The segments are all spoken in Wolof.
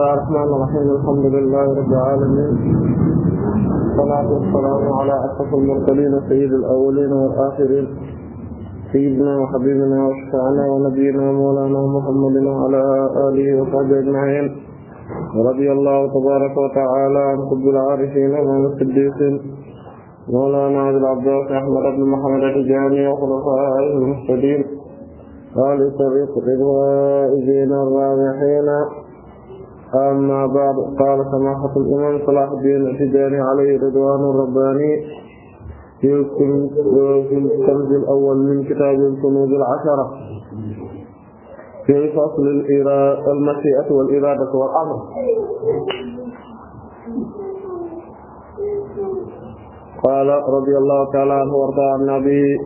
الله الرحمن الرحيم الحمد لله رب العالمين والصلاة والسلام على أشرف المرسلين سيد الأولين والآخرين سيدنا وحبيبنا وشفعنا ونبينا مولانا محمد وعلى آله وصحبه أجمعين رضي الله تبارك وتعالى عن قطب العارفين إمام الصديقين مولانا أبي العباس أحمد بن محمد التجاني وخلفائه المهتدين آل طريق رضوان الرابحين أما بعد قال سماحة الإمام صلاح الدين التجاني عليه رضوان رباني في الكنز الأول من كتاب الكنوز العشرة في فصل المشيئة والإرادة والأمر قال رضي الله تعالى عنه وارضى عن النبي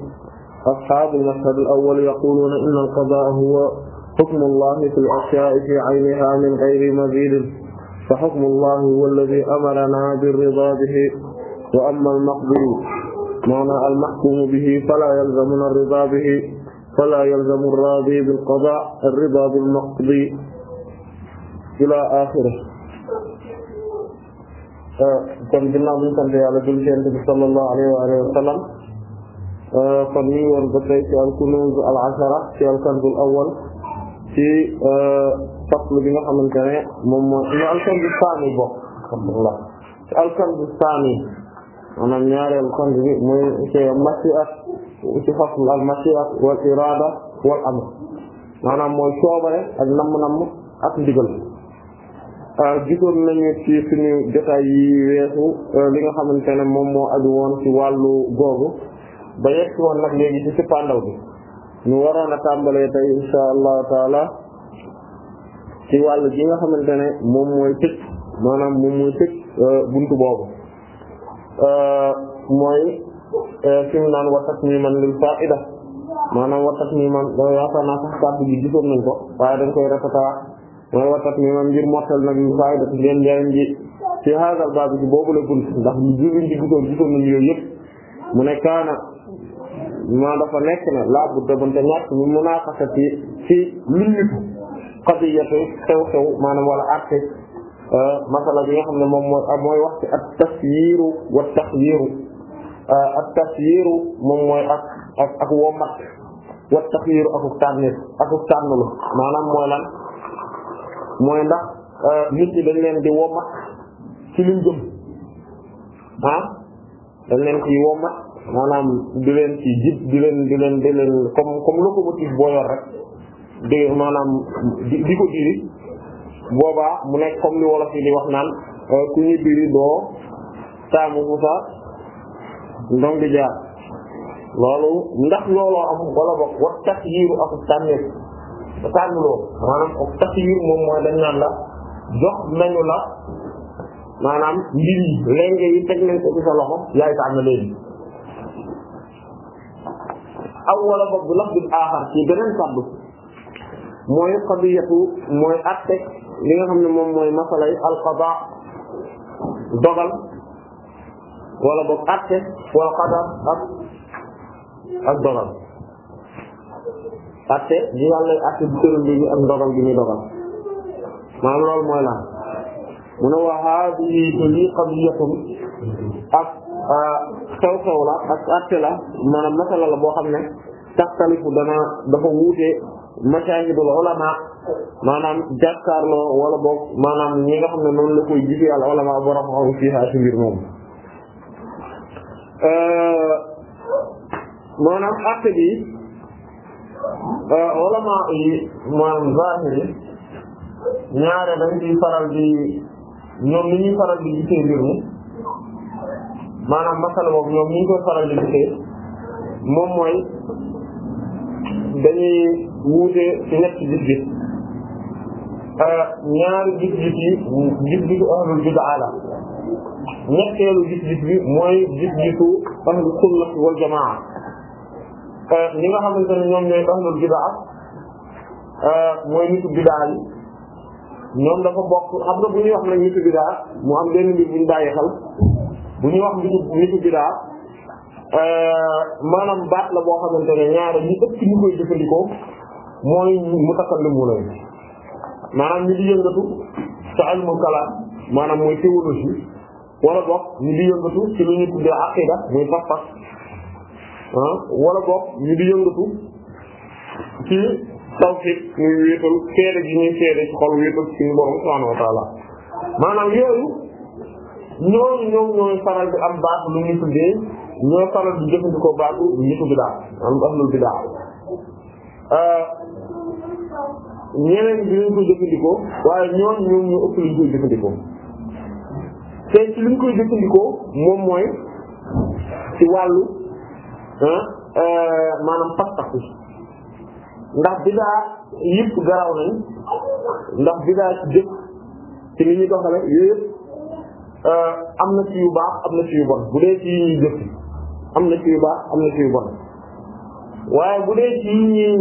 أصحاب المشهد الأول يقولون إن القضاء هو xukmu llahi fi l-ashyaa'i fi aynihaa min ghayri maziidin fa xukmu llahi huwa alladhii amaranaa bi-ridaa bihi wa ammaa al-maqduu ma'naa al-mahkuumu bihi falaa yalzamunaa ar-ridaa bihi falaa yalzamu ar-raadii bil-qadaa' ar-ridaa bil-maqdii ilaa aaxirih kon ginnaaw bi ñu sant yàlla jul ci Yonent bi sallallahu alayhi wa sallam kon ñu woon ba tey ci al-kunuuz al-ashara ci al-kanz al-awwal ci euh, fasl bi nga xamante ne moom mooy ñu alkandu saani bokk alhamdulillah ci maanaam ñaareelu kandu bi mooy ci masiat ci fasl al wal irada wal amr maanaam mooy coobare ak namm-namm ak ndigal euh, gisoon nañu ci suñu jotaay yi euh, li nga xamante ne moom moo aju woon ci wàllu googu ba yegg woon nag léegi ci ci pandaw bi ñu waroon a tàmbalee tey insha allah taala ci wàll gi nga xamante ne moom mooy tëj maanaam moom mooy tëj euh, buntu boobu euh, mooy euh, fi mu watat mi lil fa'ida maanaam watat mi man yaakaar naa sax kàddu gi gisoon nañ ko waaye dañ koy rafetaat mooy watat mi man ngir nag lil fa'ida ci leen njëriñ ji ci haadal baabi ndax kaana maa dafa nekk na laa bu dabante ñàkk ñu munaaxasati ci lu nitu qadiyatu xew-xew maanaam wala arte euh, masala bi nga xam ne moom mooy mooy wax ci at tasyiru wa taxyiru euh, at moom mooy ak ak ak womat wa taxyiru akuk tànnit akuk tànnlu maanaam mooy lan mooy ndax euh, nit ñi dañ leen di womat ci liñ gëm ah dañ leen ci womat maanaam di leen ci jib di leen di leen di comme comme locomotive boo yor rek di maanaam di di ko diri boobaa mu nekk comme li wolof yi di wax naan euh, ku ñu diri doo taamu fu sa ndong di jaar loolu ndax looloo am wala boog wat tax yiiru ak tànneef tànnuloo maanaam ak tax yiir moom naan la jox nañu la maanaam mbir yi léegi yi teg nañ ko sa loxo yaay tànn léegi aw wala boog bi lafdil aaxar ci beneen kàddu mooy mooy atte li nga xam ne moom mooy masala yi alqada dogal wala boog atte wal qadar ak ak dogal atte di yàlla atte bi tëral bi dogal bi ñuy dogal maanaam loolu mooy lan mu ne wa haadihi li qadiyatun ak xew-xew ah, la ak àtte la maanaam masala la boo xam ne taxtalifu dana dafa wuute masahidul ulama maanaam jàkkaarloo wala boog maanaam ñi nga xam ne noonu la koy gisee a ulama borom xaw fiihaa ci mbir ah, bi ah, ulama yi dañ ciy faral di ñoom ni ñuy faral di gisee mbir mi maanaam masala boobu ñoom ñu ngi koy faral di moom mooy dañuy wuute ci ñett gis-gis euh, ñaari gis-gis yi gis-gisu ahlul bid'a la ñetteelu gis-gis bi mooy gis-gisu a sunna wal jamaa euh, ñi nga xamante ne ñoom ñooy ahlul bid'a euh, mooy nitu bid'a yi ñoom dafa bokk xam nga bu ñuy wax nag nitu bid'a mu am benn mbir bu ñu bàyyi bu ñuy wax nitu nitu bidaa euh, maanaam baat la boo xamante ne ñaare ñi ëpp ñu koy jëfandikoo mooy mutakallimuna maanaam ñi di yëngatu ci ilmul maanaam mooy théologie wala boog ñi di yëngatu ci lu ñu tuddee aqida muy pas-pas ah wala boog ñi di yëngatu ci tawhid muy wéetal seede gi ñuy seede ci xol wéetal ci suñu borom subhaanahu wa maanaam yooyu ñooñu ñoom ñooy faral di am baat lu ñu tuddee ñooy faral di jëfandikoo baatu nitu bidaa am ahlul bidaa euh, ñeneen ñi dinañ koy jëfandikoo waaye ñooñu ñoom ñoo ëpp lu ñu koy jëfandikoo te ci li ñu koy jëfandikoo moom mooy ci wàllu euh, maanaam pas-pas yi ndax bidaa yëpp garaw nañ ndax bidaa ci jëf ci li ñuy doxale yooyu yëpp Euh, am na ci yu am na ci yu bon bu dee ci am na ci yu baax am na ci yu bon waaye bu dee ci yi ñuy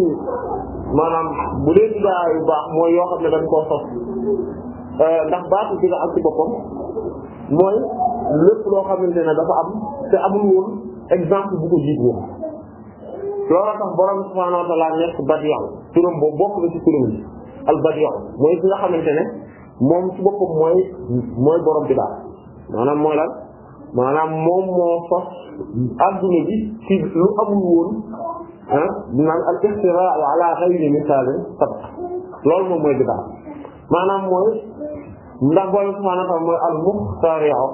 maanaam bu dee baax mooy yoo xam ne dañ koo sos euh, ndax baatu bi nga am ci boppam mooy lépp loo xamante ne dafa am te amul woon exemple bu ko jiit woon loolu borom subhaanahu wa ta'aala nekk badiyaw turam boobu bokk na ci al badiyaw mooy ki nga xamante ne moom ci boppam mooy mooy borom bi daal maanaam mooy lan moom moo sos adduna bi ci lu amul woon ah naan al ixtiraa ala ghayri misaalin sabaq loolu moom mooy bid'a maanaam mooy ndax booy subhaanahu wa ta'aala mooy al muxtari'u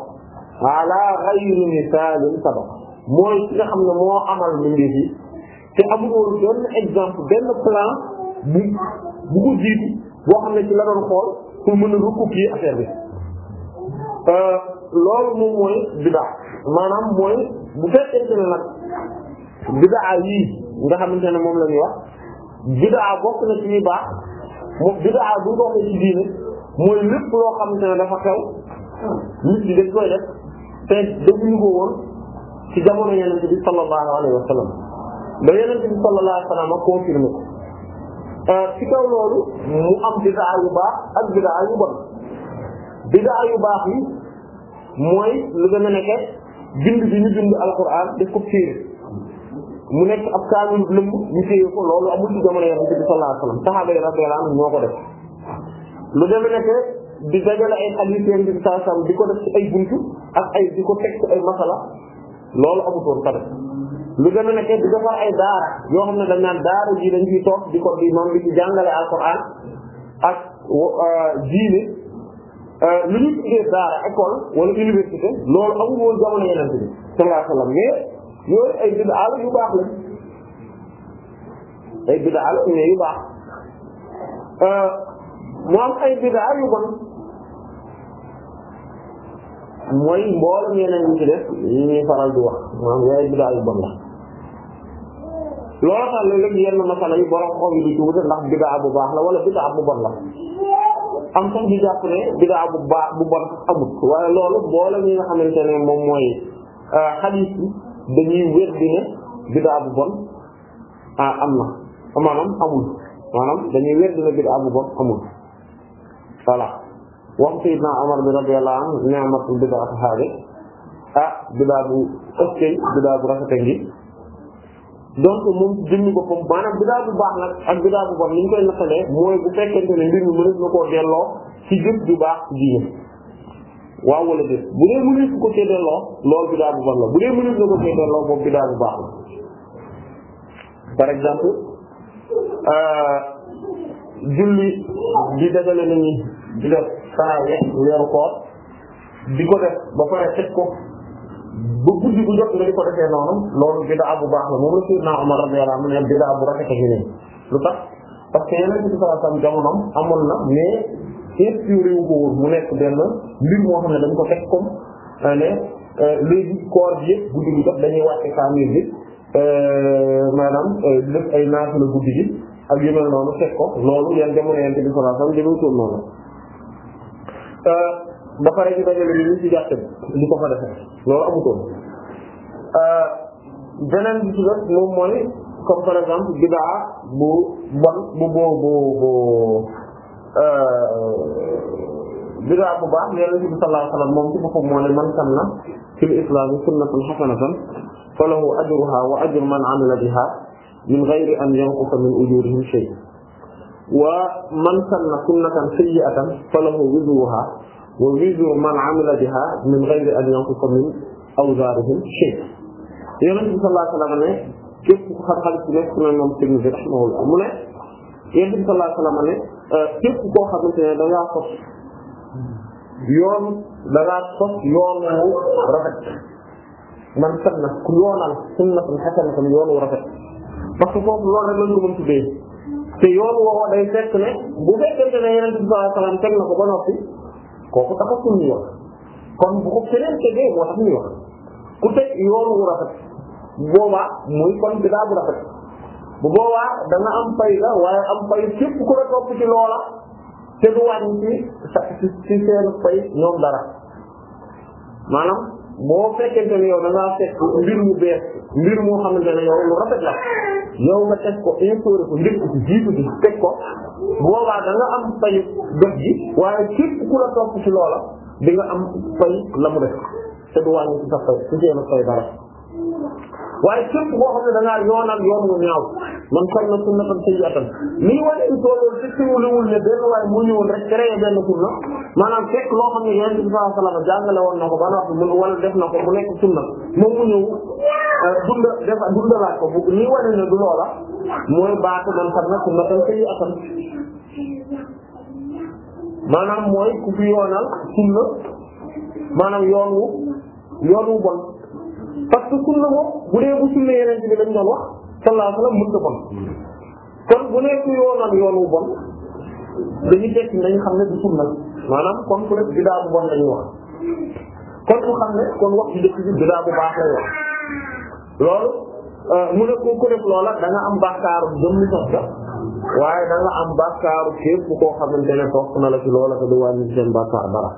ala ghayri misaalin sabaq mooy ki nga xam ne moo amal mbindeef yi te amul woon benn exemple benn plan bu bu ko jiitu boo xam ne ci la doon xool pour mën a recopier affaire bi. Euh, loolu moom mooy bidaa maanaam mooy bu fekkente ne nag bidaa yii nga xamante ne moom la ñuy wax bidaa na ci ñuy baax moom bidaa bu doxee ci diine mooy lépp loo xamante ne dafa xew nit ñi dañ koy def te defuñu ko woon ci jamono yeneen bi sallallahu alayhi wa sallam ba yeneen bi sallallahu a confirmé ko euh, ci kaw loolu mu am bidaa yu ak bidaa yu bon bidaa yu mooy lu gën a nekke bi ñu bind alquran def ko téere mu nekk ab kaamil lëmb ñu téye ko loolu amul ci jamono yonent bi sallallahu ko def lu dem nekk di dajale ay xadiis yonent bi sallallahu alayhi wasallam di ko def ci ay buntu ak ay di ko teg ay masala loolu amutoon tamit lu gën a nekk di defar ay daara yoo xam ne dañ naan daara ji dañ ciy toog di ko di moom di ci jàngale alquran ak euh, diine Euh, li ñu tuddee daara école wala université loolu amul woon jamono yeneen bi sallallahu alayhi wasallam mais yooyu ay bid'a la yu baax lañ ay bid'a la mais yu baax euh, mu am ay bid'a yu bon mooy mboolem yeneen yi ci def yi ñuy faral di wax maanaam yooyu ay yu bon la loolu tax léeg-léeg yenn masala yi borom xom yi du ci wute ndax bid'a bu baax la wala bid'a bu bon la am sax di jàpp ne bidaa bu baax bu bon amul waaye loolu mboolem ñi nga xamante ne moom mooy euh, xadiis yi dañuy wér di ne bu bon ah am na maanaam amul maanaam dañuy wér di ne bidaa bu bon amul voilà wax Seydina Omar bi radiyallahu anhu ni'matul bid'atu haadi ah bidaa bu ëskey bidaa bu rafete ngi donc moom ci ko boppam maanaam bidaa bu baax na ak bidaa bu bon ni ñu koy nattalee mooy bu fekkente ne mbir mi mënees na koo delloo ci jëf ju baax ci jigéen waaw wala déet bu dee mënees ko cee delloo loolu bidaa bu bon la bu dee mënees na ko cee delloo boobu baax la par exemple euh, julli di dajale nañu di def saa weeru koor di ko def ba pare teg ko ba guddi bu jot nga ko defee noonu loolu bid'a bu baax la moom la Seydina Umar radiyallahu anhu ne bid'a bu rafet lu tax parce que yeneen bi sallallahu alayhi na mais mu nekk benn mbir xam ne dañ ko teg comme euh, ne euh, léegi koor bi yëpp guddi bu jot dañuy wàcce kaamil bi euh, maanaam def ay naafila guddi ak yu mel noonu ko loolu yan jamono yente bi sallallahu alayhi noonu ba pare ñu dajale ni ñu ci jàkk bi di ko fa defee loolu amutoon euh, beneen bi ci def moom mooy comme par exemple bidaa bu bon bu bu bu euh, bu bidaa bu baax yonent bi sallallahu alayhi wa sallam moom ci boppam moo ne man sanna fil islaami sunnatan hasanatan falahu ajruha wa ajru man amila biha min ghayri an yanqusa min ujurihim shay wa man sanna sunnatan sayyi'atan falahu wizruha wa yujizu man amila biha min ghayri an yanqusa min awzarihim shay' Yonent bi sallallahu alayhi wa sallam ne képp ku xam-xam ci nekk na moom Tirmidhi rahimahullah mu ne Yonent bi sallallahu alayhi wa sallam ne képp koo xamante ne da ngaa sos yoon da ngaa sos yoonu rafet man sax na ku yoonal sunnatan hasanatan yoonu rafet parce que foofu loolu rek lañ ko mën tuddee te yoon woowu day fekk ne bu fekkente ne Yonent bi sallallahu alayhi wa sallam teg na ko ba noppi. kooku taxatul ñu wax kon bu ko keneen tegee moo ku teg yoon wu rafet boobaa muy kon bidaa bu rafet bu boobaa dana am fay la waaye am fay képp ku la topp loola te du ci ci seen fay ñoom dara maanaam boo fekkente ne yow da ngaa mbir mu bees mbir moo xamante ne yow lu rafet la yow nga teg ko instauré ko njëkk ci jiitu ci teg ko boobaa da nga am fay def ji waaye képp ku la topp ci loola di am fay la mu def te du wàññi sa fay su seen fay dara. waaye képp koo xam ne da yoonal yoon wu ñaaw man kon na sunnatan sayyi'atan lii wane une fois loolu fekk wulewul ne benn waaye mu ñëwoon rek créé benn sunna maanaam fekk loo xam ne yonent bi sallallahu alayhi wasallam jàngale ko ba def na ko euh, dunda def ko bu lii wane ne du loola mooy baatu man kon na sunnatan sayyi'atan maanaam mooy ku yoonal sunna maanaam yoon wu yoon wu bon. parce que sunna moom bu dee bu sunna yeneen bi lañ doon wax sallallahu alayhi wasallam mën na bon kon bu nekk yoonal yoonu bon dañu tekki nañ xam ne du sunna maanaam kon ku nekk bidaa bu bon lañu wax kon ku xam ne kon wax ci dëkk bi bidaa bu baax lay wax loolu euh, mu ne ku ko def loola da nga am bàkkaaru jëm li sax sax waaye da nga am bàkkaaru képp koo xamante ne topp na la ci loola te du wàññi seen bàkkaar dara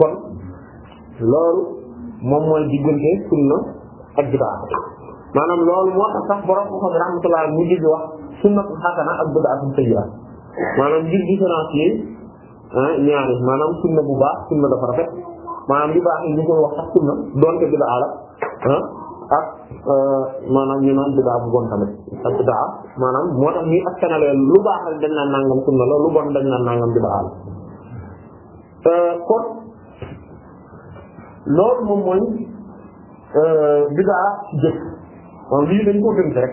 kon loolu moom mooy diggante sunna ak bid'a maanaam loolu moo tax sax borom ko xam rahmatullah mu jigi wax sunnatu xasana ak bid'atu sayyi'a maanaam ngir différencier ñaari maanaam sunna bu baax sunna dafa rafet maanaam li baax ñu koy wax sax sunna doonte bid'a la ak euh, maanaam ñu naan bid'a bu bon tamit ak bid'a maanaam moo tax ñuy askanale lu baax dañ naan nangam sunna la lu bon dañ naan nangam bid'a la euh, kon loolu moom mooy euh, bidaa jëf maanaam lii dañ koo tënk rek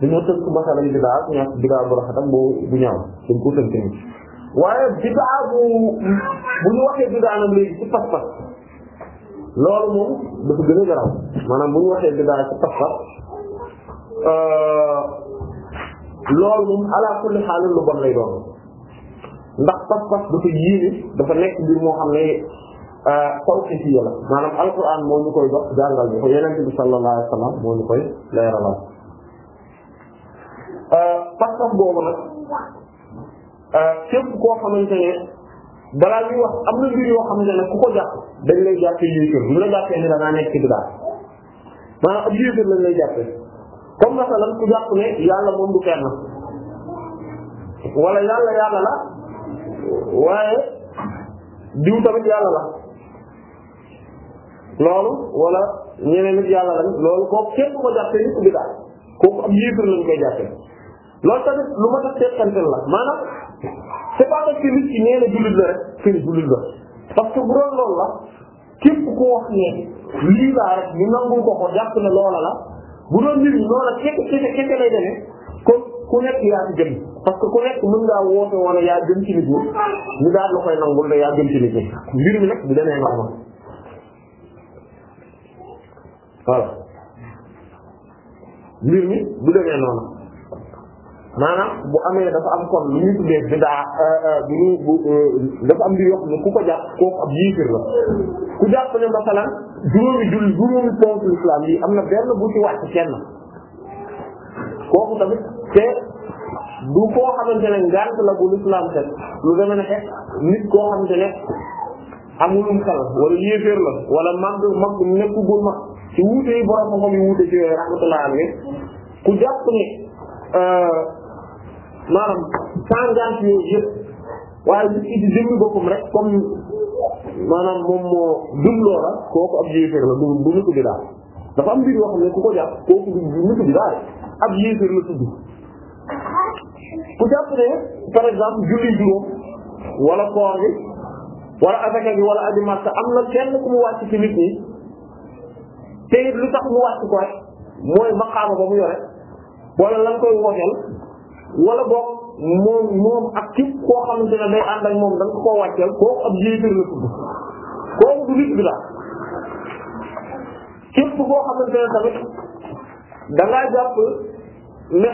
dañoo tënk masalan bidaa ak ñaar bidaa bu rafet ak bu bu ñaaw dañ koo tënk ni waaye bidaa bu bu ñu waxee bidaa nag léegi ci pas-pas loolu moom dafa euh, kulli xaalin lu bon lay doon ndax pas-pas dafa yéene dafa nekk mbir moo xam ne tawqifiyya la maanaam alquran moo ñu koy dox jàngal ñu ko yeneen bi sallallahu alayhi wa moo ñu koy leeralal pas-pas boobu nag képp koo xamante ne balaa ñuy wax am na mbir yoo xamante ne ku ko jàpp dañ lay jàppee yéefar bu la jàppee ni da nekk ci bidaa maanaam ab yéefar lañ lay jàppee comme masalan ku jàpp ne yàlla moom du kenn wala yàlla yàlla la waaye diw tamit yàlla la loolu wala ñeneen nit yàlla lañ loolu ko jàppee nit ku biddaa kooku am yéefar lañ koy jàppee loolu tamit lu ma la maanaam c'est pas parce que nit ki nee na jullit la rek que jullit la parce que bu doon loolu ko wax ne lii laa rek ñu nangul ko ko jàpp ne loola la bu doon nit ñi loola kese kese kese lay demee kon ku nekk yaa ci gën parce que ku nekk mën ngaa woote woon yaa gën ci nit ñi ñu daal la koy nangul ne yaa gën ci nit ñi mbir mi nag du demee noonu voilà mbir mi bu demee noonu maanaam bu amee dafa am kon lu ñu tuddee bidaa euh, euh, bu ñu euh, dafa am mbir yoo xam ne ku ko jàpp kooku ab yiifir la ku jàpp ne masalan juróomi julli juróomi ponk l'islam yi am na benn bu ci wàcc kenn kooku tamit te du koo xamante ne ngànt la bu l'islam te lu deme ne xet nit koo xamante ne amulum xel wala yéeféer la wala mag mag nekku gul mag ci wuute yi borom xam-xam yi wuute ci yooyu rahmatullah am ku jàpp ne euh, maanaam tendance yooyu yëpp waaye nit boppam rek comme maanaam moom moo gëm loola kooku ab yéeféer la du du nitu bi daal dafa am mbir yoo xam ne ku ko jàpp kooku du nitu bi daal ab yéeféer la tudd ku jàpp ne par exemple julli juróom wala koor bi wala asaka bi wala aji am na kenn ku mu wàcc ci nit ñi te it lu tax mu wàcc ko rek mooy maqaama ba mu yore wala lan koy wooteel wala boog moom moom ak képp koo xamante ne day ànd ak moom da nga koo wàcceel kooku ab yéeféer la tudd kooku du nit bi tamit da ngaa jàpp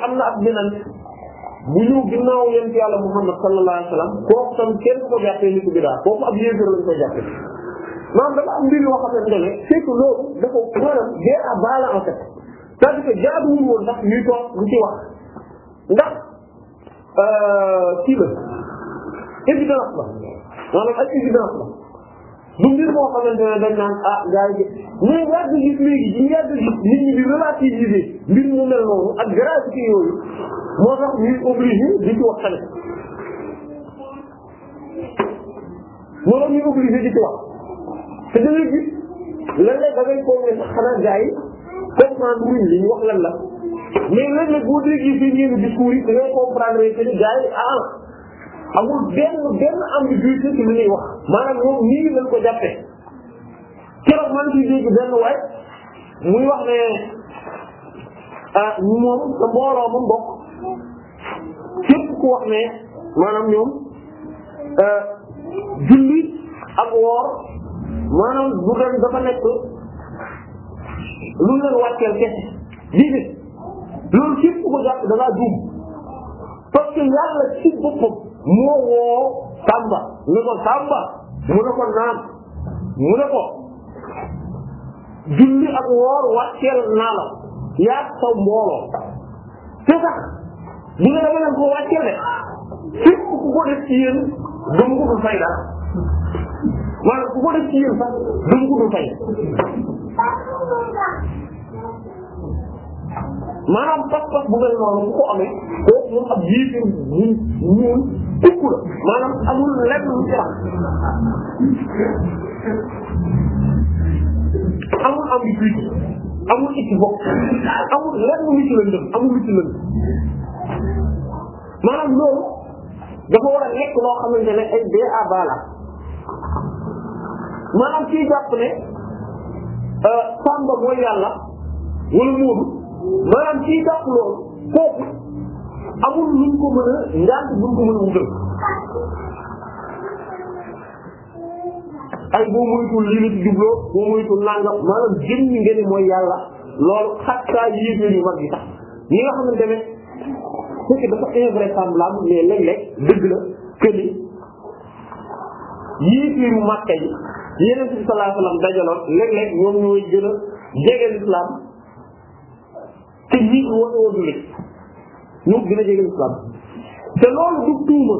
am na ab beneen bu ñëw ginnaaw yent yàlla Muhammad sallallahu kooku tam kenn ko jàppee nitu bi daal kooku ab yéeféer lañ koy jàppee maanaam dafa am mbir yoo xamante ne c'est que loolu dafa maanaam dee à bala en fait cest woon ndax ñuy toog lu ci wax ndax euh, kii la évidence la maanaam ay évidence la du mbir moo xamante ne dañ ah gars yi mais yàgg gis léegi ñu yàgg gis nit ñi di relativiser mbir mu mel noonu ak gravité yooyu moo tax ñuy obligé di ci wax tamit moo tax ñuy obligé di wax te a ngay gis wax ah ko jàppee man ciy dégg benn waay muy wax ne ah moom sa mbooloo mu képp ku wax ne maanaam ñoom euh, julli ak woor. maanaam bu doon dafa nekk lu leen wàcceel kese lii loolu képp ku ko jàpp da ngaa juum parce que yàlla ci boppam moo woo Tamba ne ko Tamba mu ko naan mu ne ko julli ak woor wàcceel naa la yaa sa mbooloo te sax bu nga dama leen ko wàcceel de képp ku ko def ci yéen dama ko du fay wala ku ko def ci yéen sax dama ko dul fay maanaam pas-pas bu mel noonu bu ko amee kooku moom ab jiitu ñun ñun tukk la maanaam amul lenn lu ci am amul ambiguïté amul équivoque amul lenn lu ci lëndëm amul lu ci lëndëm maanaam loolu dafa war a nekk loo xamante ne ay ba maanaam kii jàpp ne euh, Samba mooy yàlla wala Moodu maanaam kii jàpp loolu kooku amul luñ ko mën a ñaata buñ ko mën a wutal. ay boo moytuwul lii la ci jubloo boo moytuwul nangam maanaam jëmmi ngeen ni mooy yàlla loolu xattaa yéeféer yu mag yi sax ñi nga xamante ne dafa invraisemblable mais léeg-léeg dëgg la que ni. yéeféeru Makka yi Yonent bi sallallahu alayhi wa sallam dajaloon léeg-léeg ñoom ñooy gën a jege lislaam te ñi war a woon ñoo gën a jege lislaam te loolu du tuuma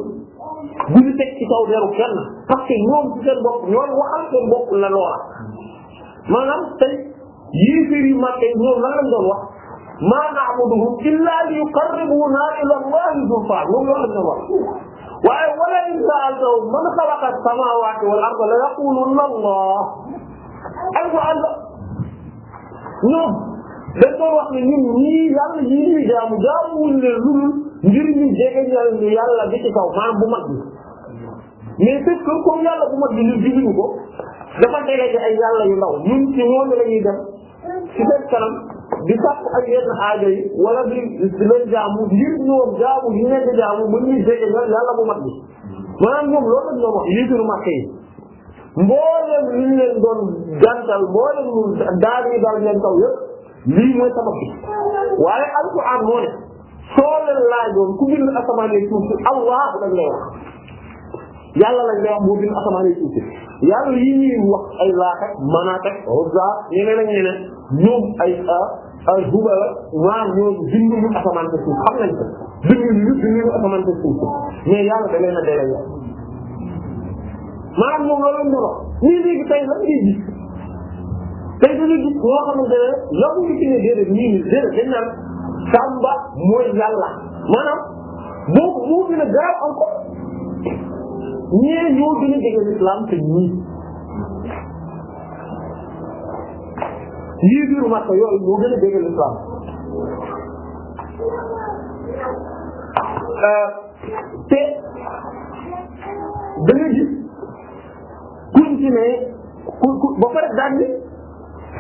bu ñu teg ci kaw deru kenn parce que ñoom ci seen bopp ñooy waxal seen bopp la loola maanaam tey yéeféeru Makka yi ñoom lan lañ doon wax maa na'buduhum illaa li yuqarribunaa ilaa Allahi zulfaa la ñu doon waaye wala in sa'altahum man khalaqa as-samawati wal arda la yaqulunna Allah alquran ñoom dañ wax ne ñun ñii yàlla yi ñuy jaamu jaamuwuñ leen lu ngir ñu jege ñu yàlla bi ci kaw maanaam bu mag bi mais c'est que comme bu mag bi ñu jiguñu ko dafa délégué ay yàlla yu ndaw ñun ci ñooñu la ñuy dem ci seen kanam di sàkku ak yenn aajo yi wala di di jaamu ngir ñoom jaamu yi nekk jaamu mën ñu jege nga yàlla bu mat bi maanaam ñoom loolu lañ doon wax yéefiru Makka yi mboolem li leen doon gàntal mboolem daal yi daal leen taw yëpp lii mooy sabab bi waaye alquran moo ne soo leen laajoon ku bind asamaan yi Allah lañ lay yàlla lañ lay wax boo bind asamaan yi yàlla yi wax ay laata manaata Uzza ñeneen ak ñeneen ñoom ay a ah, alhuba waa ñoom binduñu asamaan te suuf xam nañ ko binduñu ñu binduñu asamaan te suuf mais yàlla da leen a dee la maanaam moom loolu ñu wax nii léegi tey lan ngay gis tey dañuy gis loo xamante ne la mu ngi ci ne déedéet nii nii déedéet dañ naan sàmba mooy yàlla maanaam boobu moo gën a garaaw encore ñee ñoo gën a jege l'islam te ñii lii biir Makka yooyu moo gën a dégg l'islam euh, te da nga gis kuñ ci ne ku ku ba pare daan ni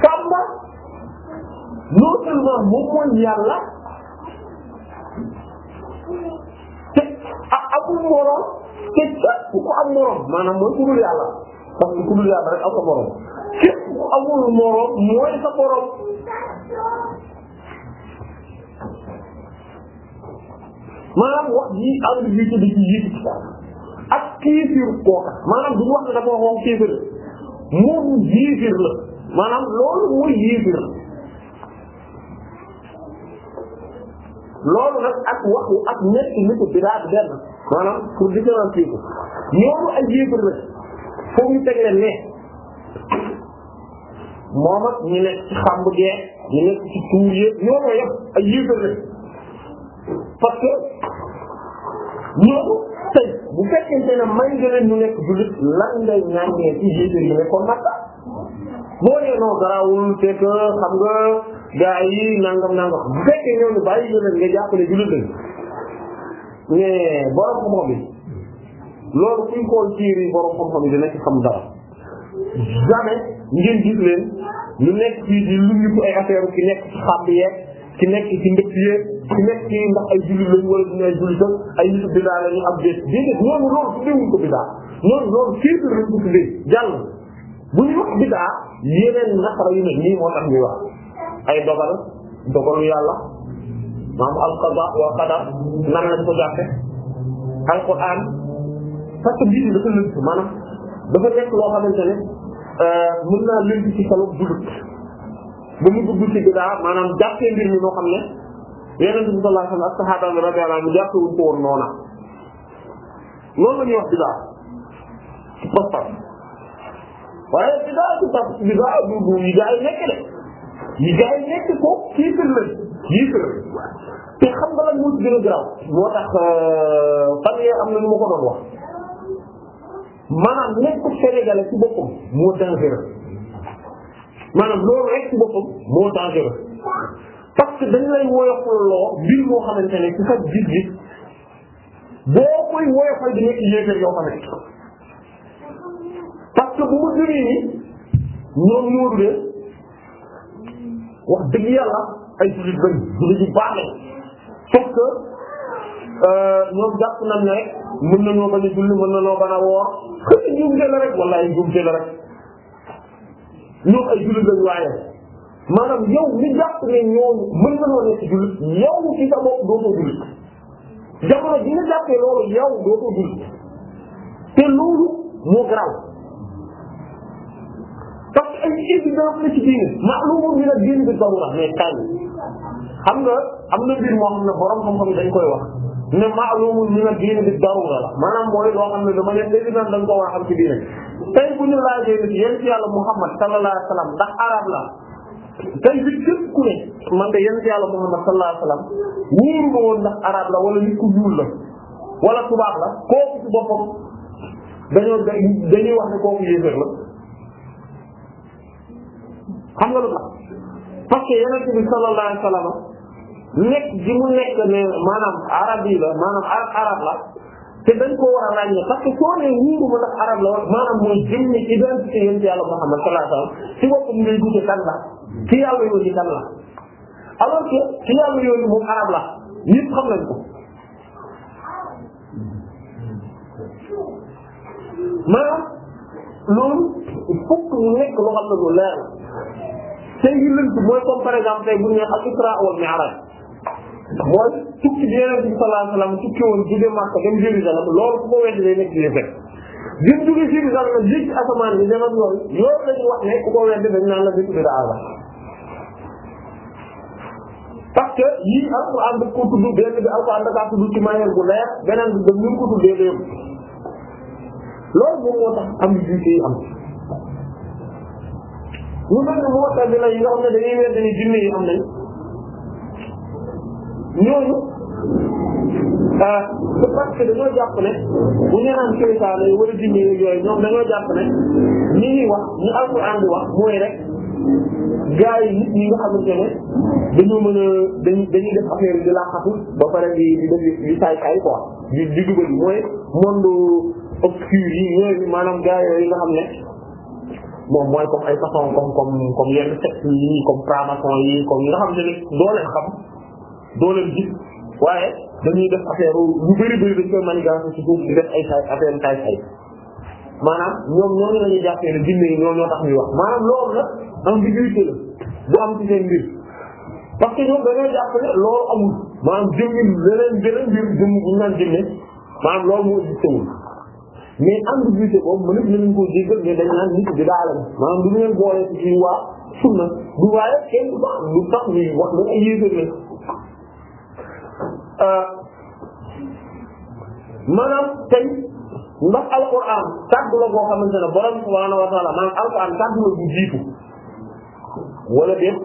Samba non seulement moom mooy yàlla te ak amul moroom te képp ku am moroom maanaam mooy ku dul yàlla. parce que ku dul yàlla rek am sa ku amul morom mooy sa borom maanaam wax yii ambiguïté bi ci jiitu ci ak kéefir kooka maanaam du wax ne dafa waxoon kéefir moom yéefir la maanaam loolu mooy yéefir la loolu nag ak waxu ak nekk nit ku biraat benn maanaam pour différencier ko ñoom ay yéefir la. foofu ñu teg leen ne moom ak ñu nekk ci xàmb gee ñu nekk ci tuur yëpp ñooñu yëpp ay yéefar lañ parce que ñooñu tey bu fekkente ne may nga leen ñu nekk jullit lan ngay ñaanee ci yéefar yi nekkoon Makka boo nee non garaawul c'est que xam nga gaa yi nangam nangam bu fekkee ñooñu bàyyi nga leen nga jàppale jullit lañ mais borom xam-xam bi. loolu kuy xool téere yi borom xam yi dina ci xam dara jamais ngeen gis leen ñu nekk fii di luñu ko ay affaire ki nekk ci xàmb yeeg ki nekk ci ndëkk yeeg ki nekk ci ndax ay jullit lañu wala duñu ay jullit ak ay nitu lañu ab bés déedéet ñooñu loolu tuddewuñ ko bidaa ñooñu loolu kéefër lañ ko tuddee jàll bu ñu wax bidaa yeneen naqara yu mel nii moo tax ñuy wax ay dogal dogalu yàlla maanaam al qada wa qadar nan lañ ko al quran parce que mbir mi dafa lënt maanaam dafa nekk loo xamante ne euh, mën naa lënt ci xelop jullit ba mu dugg ci bidaa maanaam jàppee mbir mi xam ne yeneen bi sallallahu alayhi wasallam ak sahaaba bi radiyallahu anhu jàppee wuñ ko woon noona loolu la ñuy wax bidaa ci pas-pas waaye bidaa ci pas bidaa du du yi gaa yi la kii kër lan moo ci gën a garaaw moo tax euh, fan yee am na ñu ma maanaam nekku sénégalais ci boppam moo dangereux maanaam loolu rek ci boppam moo dangereux parce que dañ lay woyofal loo mbir moo xamante ne ci sa gis-gis boo koy woyofal di nekk yéegal yoo xam ne parce que bu ma gënee ni ñoom wax dëgg yàlla ay jullit bañ jullit yu baax lañ parce que euh, ñoom jàpp nañ ne mën nañoo bañ a julli mën nañoo bañ a woor xëy na njuumte rek wala ay njuumte rek ñoom ay jullit lañ waaye maanaam yow mi jàpp ne ñoom mën nañoo nekk jullit yow ci sa bopp dootoo jullit jamono ji nga jàppee loolu yow dootoo jullit te loolu moo garaaw parce que ay évidence la ci diine ma'lumun min ad-din bi darura mais tànn xam nga am na mbir moo xam ne borom xam-xam dañ koy wax. ne ma'lumun min ad-din bi darura la maanaam mooy ne dama leen léegi naan da nga ko war a xam ci diine tey bu ñu laajee nit yéen ci yàlla Muhammad sallallahu alayhi wa sallam ndax arab la tey bi képp ku ne man de yéen ci yàlla Muhammad sallallahu alayhi wa sallam wóoru arab la wala nit ku ñuul la wala tubaab la kooku ci boppam dañoo dañuy wax ne kooku yéeféer la xam nga lu tax parce que yonent bi sallallahu alayhi wa sallam nekk gi mu nekk ne maanaam arab yi la maanaam arab arab la te dañ ko war a ràññee parce que soo nee wuuru ma ndax arab la wax maanaam mooy jëm ne identité yéen ci yàlla Muhammad sallallahu alayhi wasallam kan la ci yàlla yónni kan la alors que ci yàlla yónni moom arab la ñëpp xam nañ ko maanaam loolu fokk mu nekk loo xam ne lu leer te yi lënt mooy comme par exemple tey bu ñu nee al Isra wal mooy tukki bi Yonent bi sallallahu alayhi wa sallam tukki woon jóge Makka nekk yéen fekk. gis jóge Jérusalem nag yéeg ci asamaan bi dem ak loolu loolu la ñu wax ne ku ko weddi dañ naan la di tuddee Allah parce que yii Alxuraan daf ko tudd benn bi Alxuraan dafa tudd ci manière bu leer beneen bi ba ñu ko tuddee léegi loolu moom moo tax am ambiguïté yi am. ñu mel ne moo tax dina yi nga xam ne dañuy weddi ni yi am ñooñu ah c'est parce que dañoo jàpp ne bu ñu naan seytaane wala jinne yooyu ñoom dañoo jàpp ne ñi ñuy wax ñu alxuraan di wax mooy rek gaa yi nit ñi nga xamante ne dañoo mën a dañuy dañuy def affaire di laaxatu ba pare di di def di saay saay quoi di di dugal mooy monde obscur yi ñooy maanaam gaa yooyu nga xam ne. moom mooy comme ay façon comme comme comme yenn secte yi comme franc-maçon yi comme yi nga xam ne doole xam doo leen gis waaye dañuy def affaire lu bëri bëri dañ koy manigancé ci suuf di def ay saay affaire saay ñoom ñooñu la ñuy jàppee ne jinne ñoom ñoo tax ñuy wax maanaam loolu nag ambiguïté la bu am ci seen parce que ñoom dañoo jàpp ne loolu amul maanaam jëmmi leneen boobu mën nañu koo jéggal mais dañ naan nit bi daal maanaam du ñu leen boole ci waa sunna du waaye kenn du tax ñuy wax dañ ay yéefer Euh, maanaam tey ndax alquran kàddu la boo xamante ne borom na wa taala maanaam alquran kàddu la bu jiitu wala déet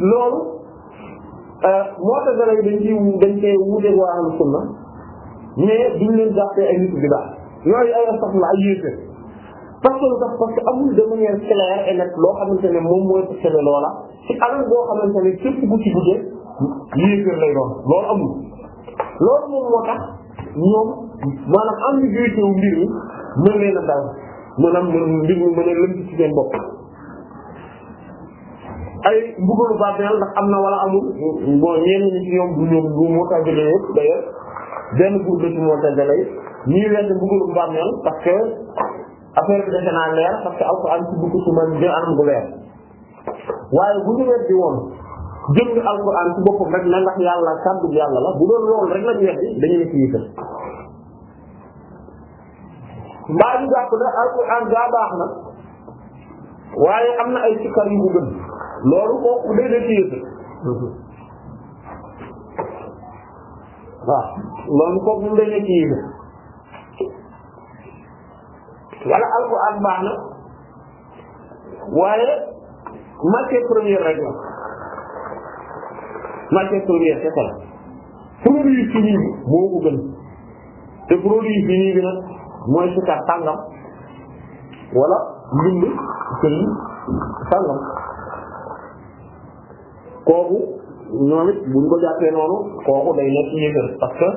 loolu moo tax dara yi dañ ciy dañ waa ahlu sunna mais duñ leen jàppee ay nit bi daal yooyu ay sax ay yéese parce que lu tax parce que amul de manière claire et nette loo xamante ne moom mooy tëkkale loola ci anam boo xamante ne képp ku ci duggee. yéeféer loolu amul loolu moom moo tax ñoom maanaam am ni gérité wu mën leen a dal maanaam mën mbir mi mën a lënt ci seen bopp ay mbugalu bàmmeel ndax am na walla amul bon yenn ñi ci ñoom du ñoom du moo tax jëlee yëpp d'ailleurs benn groupe de ci moo tax jëlee ñuy wedd mbugalu bàmmeel parce que affaire bi defe naa leer parce que alxuraan ci dugg ci man anam gu leer waaye bu ñu weddi woon jënd alquran ci boppam rek na ndax yàlla kàddu yàlla la bu doon loolu rek lañ weddi dañu nekk yéefar mbaa ñu jàpp ne alquran gaa baax na waaye am na ay sikkar yu ko gën loolu kooku day nekk yéefar waaw loolu kooku baax na waaye matière première rek la matière première c'est ça produit fini moo ko gën te produit fini bi mooy sukkar tàngam wala mbind këriñ tàngam kooku ñoom it ko jàppee noonu kooku day nekk yéefar parce que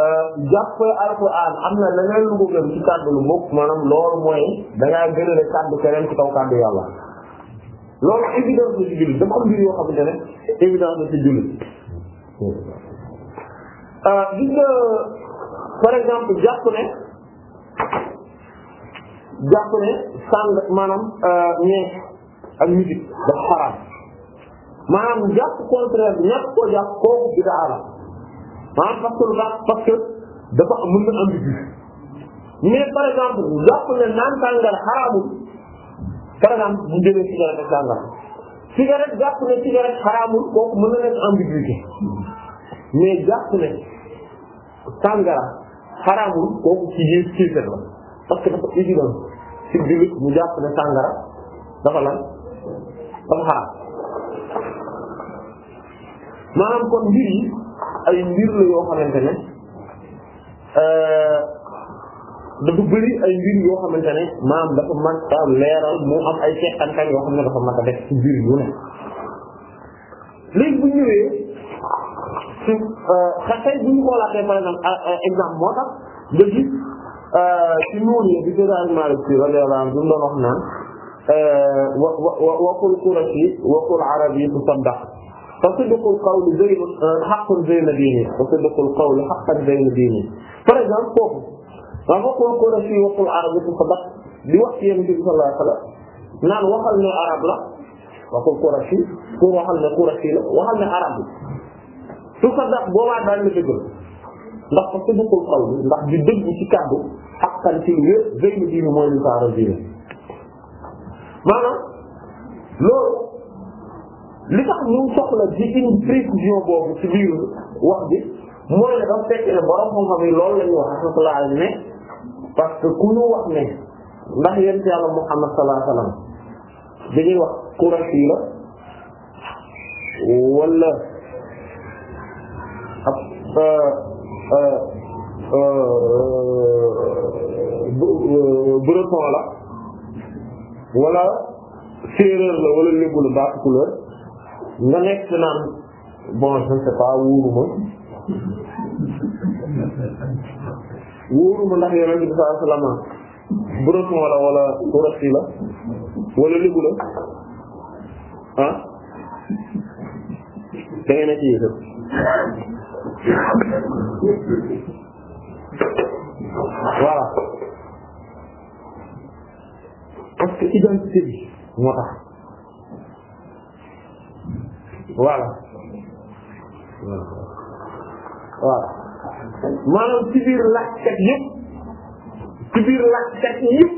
euh, jàpp alxuraan am na leneen lu mooy dangaa gën a ne kàddu keneen ci kàddu yàlla loolu évidence la ci jullit dafa am yoo xamante ne évidence la ci jullit euh, gis par exemple jàpp ne jàpp ne sàng maanaam euh, ñeex ak musique dafa xaraam maanaam jàpp contraire bi ñàkk koo jàpp kooku bi maanaam parce que lu dafa mën na ambigu mais par exemple jàpp ne naan sàngara xaraamul par exemple bu ñu jëlee sàngara cigarette jàpp ne cigarette xaraamul kooku mën na nekk ambiguïté mais jàpp ne sàngara xaraamul kooku ci yées kéefër la parce que dafa évident ci jullit mu jàpp ne sàngara dafa lan dafa xaraam maanaam kon mbir ay mbir la yoo xamante ne euh, dafa bëri ay mbir yoo xamante ne maanaam dafa mat a leeral mu am ay seqantal yoo xam ne dafa mat a def ci mbir yu ne léegi bu ñëwee ci euh, xasee bu ñu xoolaatee par exemple euh, euh, exemple moo tax nga gis ci noonu yi di Seydina Maalik Si radiyallahu anhu doon wax naan wa wa wa qul qurashi wa qul arabi tusaddaq fasidqul qawli zayna haqqan zayna diini fasidqul qawli haqqan zayna diini par exemple foofu waaw bokkul Quraysh yi bokkul arab yi ko bat di wax ci Yonent bi sallallahu wa sallam naan waxal ne arab la bokkul Quraysh yi waxal ne Quraysh la waxal ne arab la su ko def boobaa daañu la dëggal ndax fa si bokkul xaw bi ndax dëgg ci kàddu ak kan ci wér zeynu diinu mooy li saara loolu li tax ñu soxla di indi boobu ci biir wax bi mooy ne dafa fekk ne borom xam-xam yi loolu la ñu wax rahmatullah ne parce que ku ñu wax ne ndax yent yàlla Muhammad sallallahu alayhi dañuy wax Quraysh la wala ab euh, euh, euh, breton la wala séeréer la wala lébu la couleur nga nekk naan bon je ne sais pas wóoruma wóoruma ndax yonent bi sallallahu alayhi wasallam breton la wala russi la wala la ah da ngay nekk yéegal voilà parce que identité bi maanaam ci biir laajkat yëpp ci biir laajkat yëpp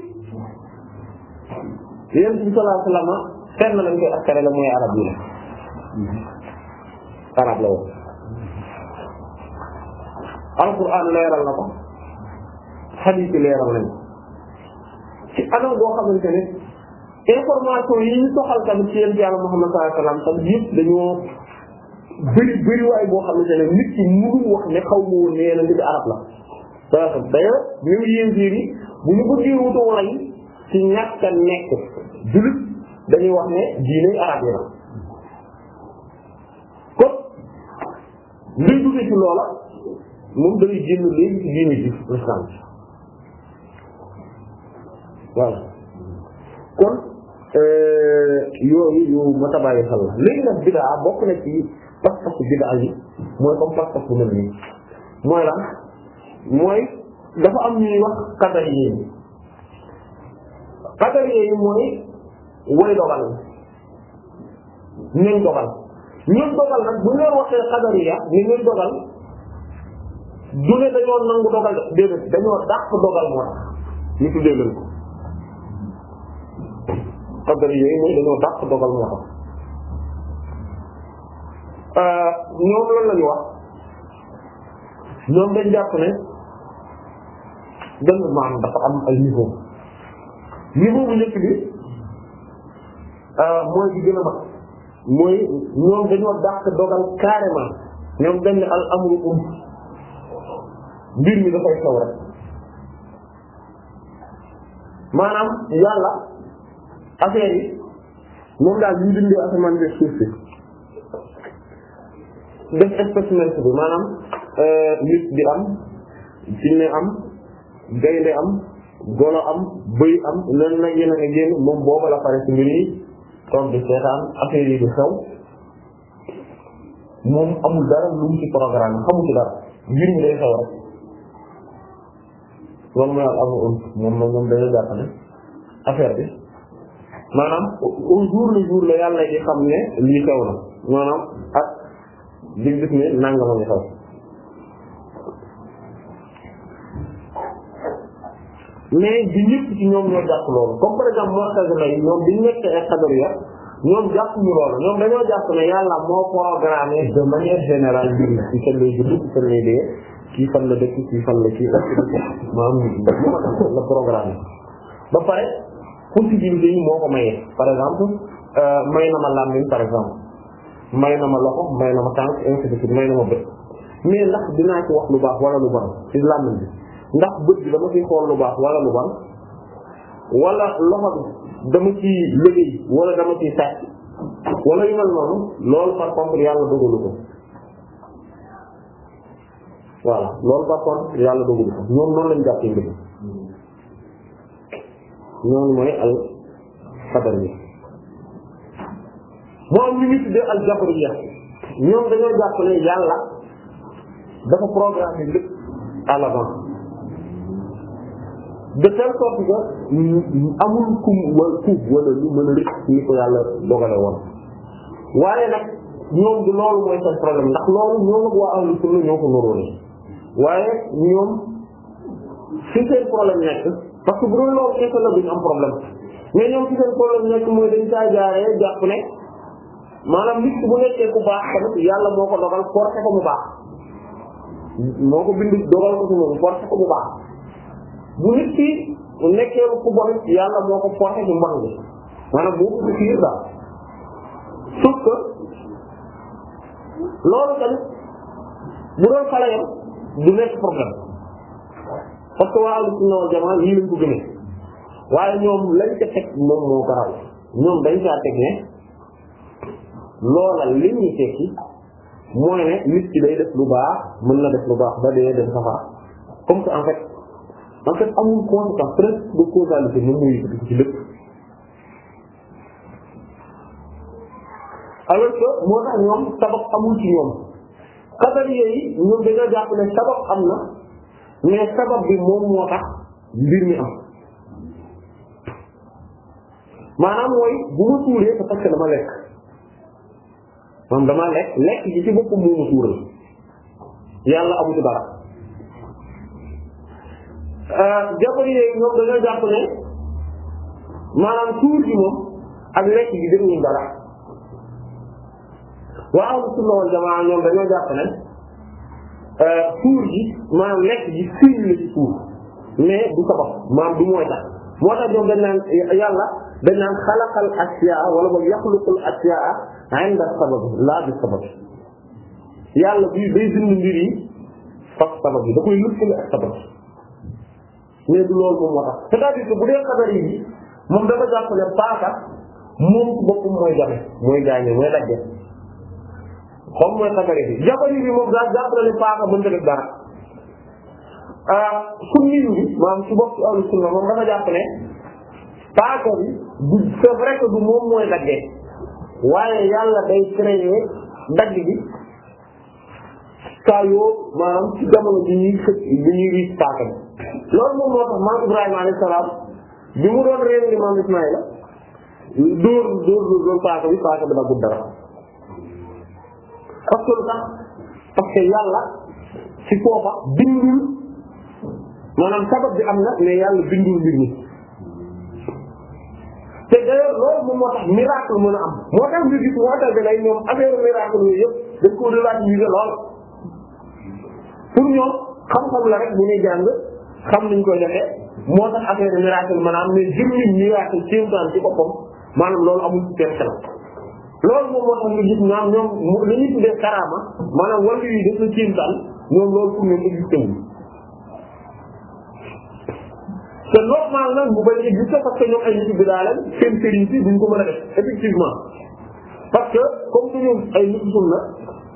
yonent bi sallallahu alayhi wasallam fenn lañ koy askare la mooy arab yi la arab la woon alquran leeral na ko hadith leeral nañ ci anam boo xamante ne information yi ñu soxal tamit ci yonent yàlla Muhammad sallallahu alayhi wasallam tamit yëpp dañoo bëri bëriwaay boo xamante ne nit ki mënul wax ne xaw ma woon ne yeneen bi arab la. waaw d'ailleurs même yéeféer yi bu ñu bëggee wutoo lay ci ñàkk nekk jullit dañuy wax ne diine arab yi la kon luy duggee ci loola moom day génn léegi ci diine ji l'islam bi voilà kon euh, yooyu yu ma tabaayee xel la léegi nag bokk na ci. pas-pasu bid'a mooy comme pas-pas mooy lan mooy dafa am ñuy wax qadariyé yi qadariyé yi mooy way dogal nañ dogal ñun dogal nag bu ñu leen waxee dogal du ne dogal déedéet dogal moo tax ñu tuddee leen mooy dañoo dogal moo Euh, ñoom loolu la ñu wax ñoom dañ jàpp ne benn maam dafa am ay niveau niveau bu njëkk bi euh, mooy bi gën a mag mooy ñoom dañoo dàq dogal carrément ñoom dañ ne al um mbir mi dafay xew rek maanaam yàlla affaire yi moom daal ñu dindi asamaan bi suuf si def spécimen bi maanaam euh, nit di am jinne am gaynde am golo am bëy am len nag yeneen ak yéen moom booba la pare ci mbir yi toog di seetaan affaire yi di xew moom amul dara lu mu ci programme xamu ci dara mbir mi day xew rek loolu moom moom dañu jàpp ne affaire bi maanaam au le jour la yàlla di xam ne lii xew na maanaam di ne nangama ngi xaw mais bi ñëpp ci ñoom ñoo jàpp loolu comme par exemple Mu'tazila yi ñoom bi ñu nekk ay Qadariyya ñoom jàpp ñu loolu ñoom dañoo jàpp ne yàlla moo programmé de manière générale mbir ci fan lay judd ci fan lay dee kii fan la dëkk kii fan la kii ma tax la programmé ba pare possibilité yi moo ko mayee par exemple euh, may na ma làmmiñ par exemple may na ma loxo may na ma tànk ainsi de suite may na ma bët mais ndax dinaa ci wax lu baax wala lu bon ci làmmiñ bi ndax bët bi dama ciy xool lu baax wala lu bon wala loxo bi dama ciy liggéey wala dama ciy sàcc wala yu mel noonu loolu par contre yàlla dogalu ko voilà loolu par contre yàlla dogalu ko ñoom noonu lañu jàppee mbir ñoonu mooy al xadar yi moo am ñu ngi tuddee al jabariyya ñoom dañoo jàpp ne yàlla dafa programmé lépp à l'avance de telle sorte que amul kuub wala lu mën a rëcc ni ko yàlla dogale woon waaye nag ñoom du loolu mooy seen problème ndax loolu ñoom ak waa ahlu sunna ñoo ko nuróone waaye ñoom fi seen problème nekk parce que bu doon loolu kese la duñu am problème mais ñoom fi seen problème nekk mooy dañ saa jaaree jàpp ne maanaam nit bu nekkee ku baax tamit yàlla moo ko dogal forcé ko mu baax moo ko bind dogal ko ci moom forcé ko mu baax bu nit ki nekkee ku bon yàlla moo ko forcé ci mbon bi maanaam boo ko fiir daal sauf que loolu tamit bu doon xale yam du nekk problème parce que waa ahlu sunna wal jamaa lii lañ ko gëmee waaye ñoom lañ ca ne loola li ñuy tekki mooy ne nit ki day def lu baax mën na def lu baax ba dee def safara comme que en fait en fait amul conséquence presque de causalité moom mooy yëkkati ci lépp. alors que moo tax ñoom sabab amul ci ñoom xabariya yi ñoom dañoo jàpp ne sabab am na mais sabab bi moom moo tax mbir mi am maanaam mooy bu ma tuuree parce que dama lekk. moom damaa lekk lekk gi ci boppam moo ma suural yàlla amu dara euh, jabar yi ñoom dañoo jàpp ne maanaam suur gi moom ak lekk gi demul dara waa ahlu sunna wal jamaa ñoom dañoo jàpp ne euh, suur gi maanaam lekk gi siñ la suur mais du sabab maanaam du mooy moo tax ñoom dañ yàlla dañ naan xalaqal asyaa wala ba yaxluqul asyaa inda sabab laa bi sabab yàlla bii day bind mbir yi fas sabab bi da koy lëkkale ak sabab mais du loolu moom moo tax c'est-à-dire que bu dee xabar yi moom dafa jàpp ne paaka moom ci boppam mooy jabe mooy gaañe mooy dagge xom mooy xabar yi jabar yi moom daal jàpp na ne paaka mën def dara ah, sunni yu bi maanaam ci bopp ahlu sunna moom dafa jàpp ne paaka bi du c'est vrai que du moom mooy daggee waaye yàlla day créer dagg bi saa yoo maanaam ci jamono bi ñuy xëcc bi ñuy riis paaka loolu moom moo maam Ibrahima alayhi salaam bi mu doon reen maam Ismaïla dóor dóor dóor dóor paaka bi paaka dara parce que lu tax parce yàlla ci foofa bindul maanaam sabab bi am na mais yàlla bindul mbir mi d'ailleurs loolu moom moo tax miracle mën a am moo tax ñu gis moo tax dangay ñoom affaire miracle yooyu yëpp dañ ko relativiser lool pour ñoom xam-xam la rek bu ñuy jàng xam nañ koy joxe moo tax affaire miracle maanaam mais jëmmi miracle kéemtaan ci boppam maanaam loolu amul seen xel loolu moom moo tax ñu gis ñoom ñoom li ñuy tuddee karama maanaam wàllu yi def na kéemtaan ñoom loolu pour ñoom existé wul te normal nag bu bañ existé parce que ay nit bi daal seen sëriñ ko mën a def effectivement parce que comme que ñoom ay nit sunna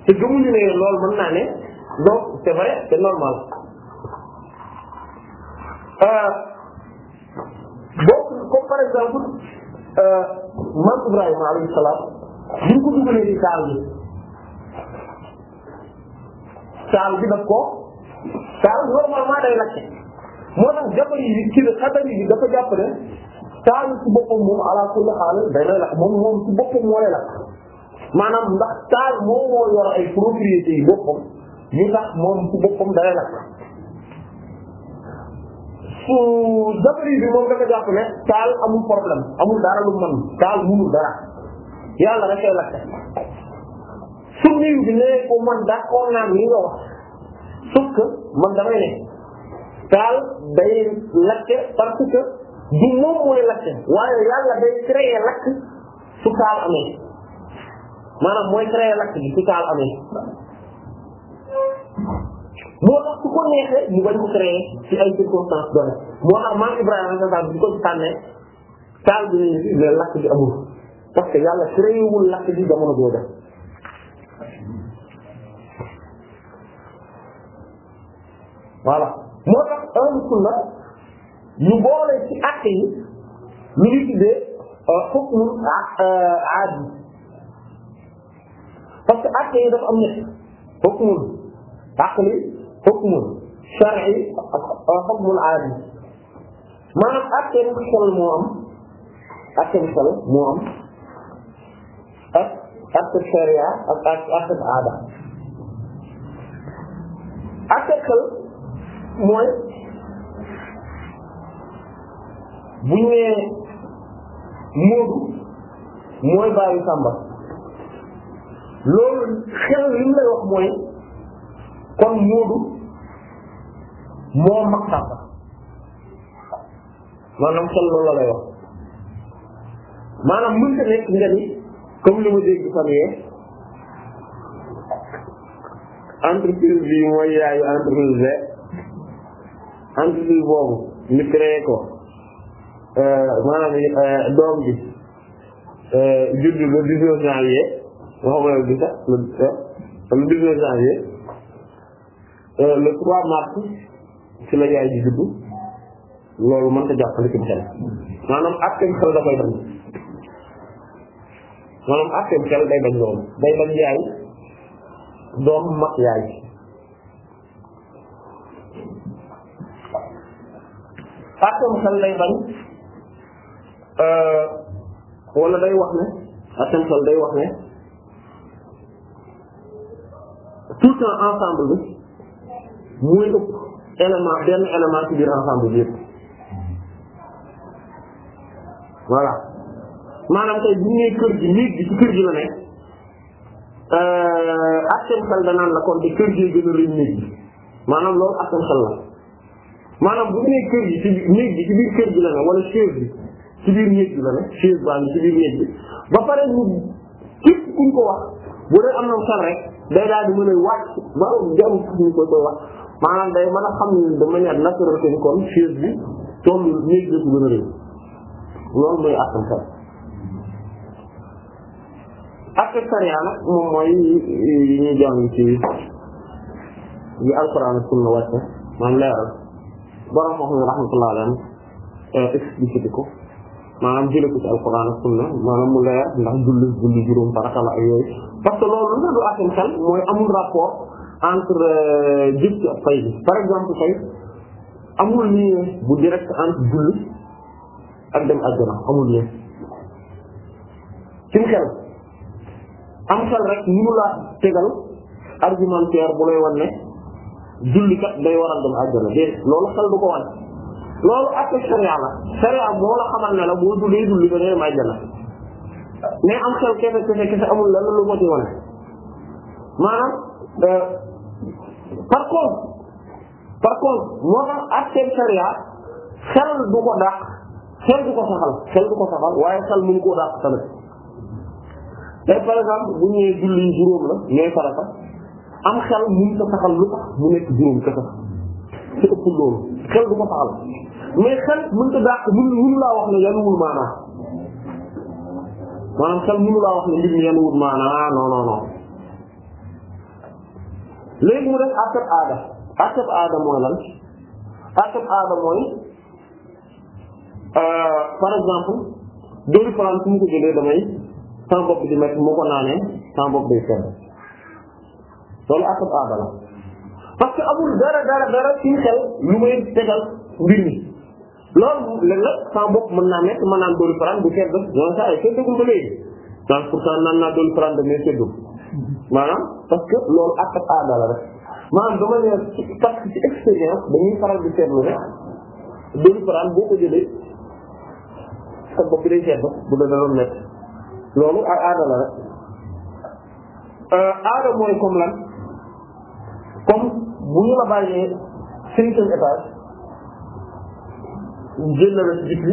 te gëmuñu ne loolu mën naa ne donc c'est vrai c'est normal euh, donc comme par exemple euh, man Ibrahima alayhi salaam buñ ko dugalee ci saal bi saal bi daf ko saal normalement day lakk moo tax jabar yi ci xatar yi dafa jàpp ne taayu ci boppam moom ala kulli xaal day lay moom moom ci boppam moo lay lax maanaam ndax taal moom moo yor ay propriété yi boppam ñu tax moom ci boppam day lay lax su jabar bi moom dafa jàpp ne taal amul problème amul dara lu mën taal munul dara yàlla rek lay lax su niw bi ne ko man d'accord naa li nga wax sauf que man damay ne daal day lakke parce que du moom mooy lakke waaye yàlla day créer lakk su taal amee maanaam mooy créer lakk bi su taal amee moo tax su ko neexee ñu bañ ko créer ci ay circonstances données moo tax maam Ibrahima daal bu bi nii lakk bi amul parce que yàlla créé wul lakk bi jamono boobu voilà moo tax ahlu sunna ñu boole ci acte yi ñu ngi tuddee euh, hukmu aadi parce que acte yi dafa am ñett hukmu aqli hukmu shar'i hukmu aadi maanaam acte bu xel moo am acte bu xel moo am ak sharia ak acte aada acte xel mooy buñ nee Moodu mooy baayu Samba loolu xel li mu lay wax mooy kon Moodu moo mag Samba maanaam xel la lay wax maanaam mënta nekk nga ni comme li ma dégg fan yee entreprise bi mooy yaayu entreprise entreprise boobu ñu créé ko euh, maanaam euh, doom bi euh, judd le 19 janvier waxuma le 17 le 17 le 19 janvier ci la yaay ji judd loolu mën ta jàppale ci xel maanaam acte xel da bañ maanaam acte xel day bañ loolu day bañ yaay doom mag yaay atteem xel lay bañ euh, wala day wax ne atteem xel day wax ne tout un ensemble bi muy ëpp élément benn élément ci biir ensemble bi yëpp voilà maanaam tey bu ñu kër gi néeg bi ci kër gi la ne euh, atteem xel danaan la kon te kër gee gën a rëy néeg bi maanaam loolu atteem xel la maanaam bu nee kër gi ci néeg bi ci biir kër gi la wala chaise bi ci biir néeg bi la ne chaise baa ngi ci biir néeg bi ba pare ñu képp kuñ ko wax bu dee am na rek day daal di mën a wàcc ba jam ñu ko koy wax maanaam day mën a xam ne de manière naturelle que kon chaise bi toll néeg bi gën a rëy loolu mooy àttam xel àtte sariya nag moom mooy yi ñuy jàng borom wax nga rahmatullah alayhi eh, explicité ko maanaam jëlee ko ci alquran ak sunna maanaam mu leer ndax julli juróom farata la yooyu parce que loolu la du atam xel mooy amul rapport entre eh, jëf ci ak par exemple fay amul lien bu direct entre julli ak dem amul lien ci xel am xel rek ñu la tegal argumentaire bu lay julli kat day waral dem àjjana loolu xel du ko wan loolu atte la sharia moo la xamal ne la boo jullee julli da ngay dem àjjana mais am xel kese kese kese amul lan lu ko ci wane maanaam euh, par contre par contre moo tax atte sharia xel du ko dàq xel du ko saxal xel du ko saxal waaye xel mënu koo dàq tamit tey par exemple bu ñëwee julli juróom la ñooy farata am xel mun ko saxal lu tax mu nekk juróom kese ci ëpp loolu xel du ko saxal mais xel mën ta mun munu laa wax ne yanuwul maanaa maanaam xel munu laa wax ne mbir mi yanuwul maanaa ah, non non léegi mu def atteb aada atteb aada mooy lan atteb aada mooy euh, par exemple dóori France su mu ko jëlee damay sama bopp di métti moo ko naanee sama bopp day fenn loolu atam aada la parce que amul dara dara dara ci xel lu may tegal mbir loolu léeg la sans bopp mën naa nekk mën naan doolu faraan bu kenn def ñoom saa yi kenn déglu ba léegi seddu maanaam parce que loolu atam aada la rek maanaam dama ne parce que ci expérience dañuy faral di seetlu rek doolu faraan boo jëlee sa bopp day seddu bu da doon nekk loolu aada la rek euh, aada mooy comme lan comme bu ñu la bàyyee cinquième étage génn la ci biti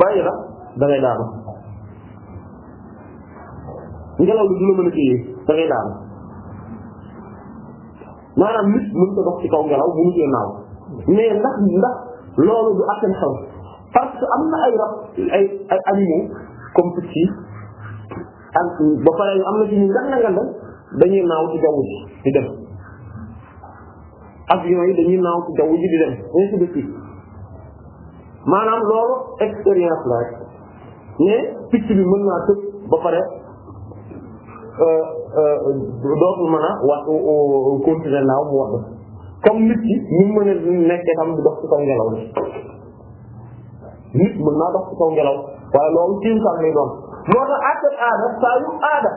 bàyyi la daanu ngelaw li du la mën a téye daanu maanaam nit mën ko dox ci kaw ngelaw bu mu tee naaw mais ndax ndax loolu du ak seen xel parce que am na ay rab ay ay animaux comme picc yi ak ba pare am na ci ñu ngan na dañuy naaw ci jaww ji di dem avions yi dañuy naaw ci jaww ji dem maanaam loolu expérience la rek mais picc bi mën naa tëb ba pare euh, euh, dootul mën a wax continuer naaw mu wax comme nit ki ni mu mën nekkee tam dox ci kaw ngelaw nit mën naa dox ci kaw ngelaw waaye loolu tiim kan lay doon moo ak aada saa yu aada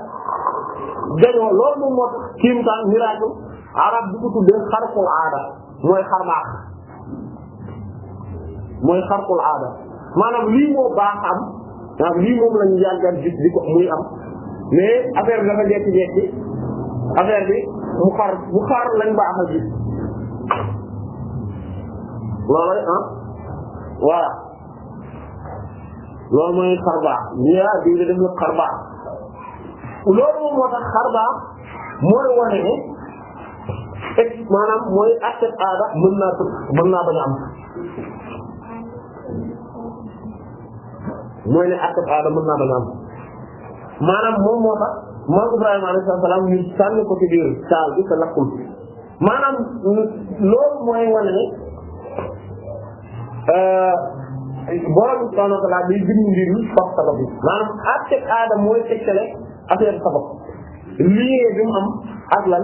dañoo loolu moom moo tax tiim kan arab bi ko tuddee xarqul mooy xar baax mooy xarqul aada maanaam lii moo baax am maanaam lii moom lañu yàggal gis di ko muy am mais affaire bi dafa jekki-jekki bi mu xar mu xar lañ baax a gis loolu ah voilà loolu mooy xar baax ñaa ah, diw de def na xar loolu moo tax xar baax mooy wane maanaam mooy acte aada mën naa tëb mën naa bañ a am mooy ne acte aada mën naa bañ a am maanaam moom moo tax moom Ibrahima alayhi salaam ñu sànni ko ci biir saal bi te lakkul maanaam loolu mooy wane ne euh, borom subhanahu wa ta'ala day bind mbir yi faf sabab maanaam acte aada mooy tegtale affaire sabab lii bi mu am ak lan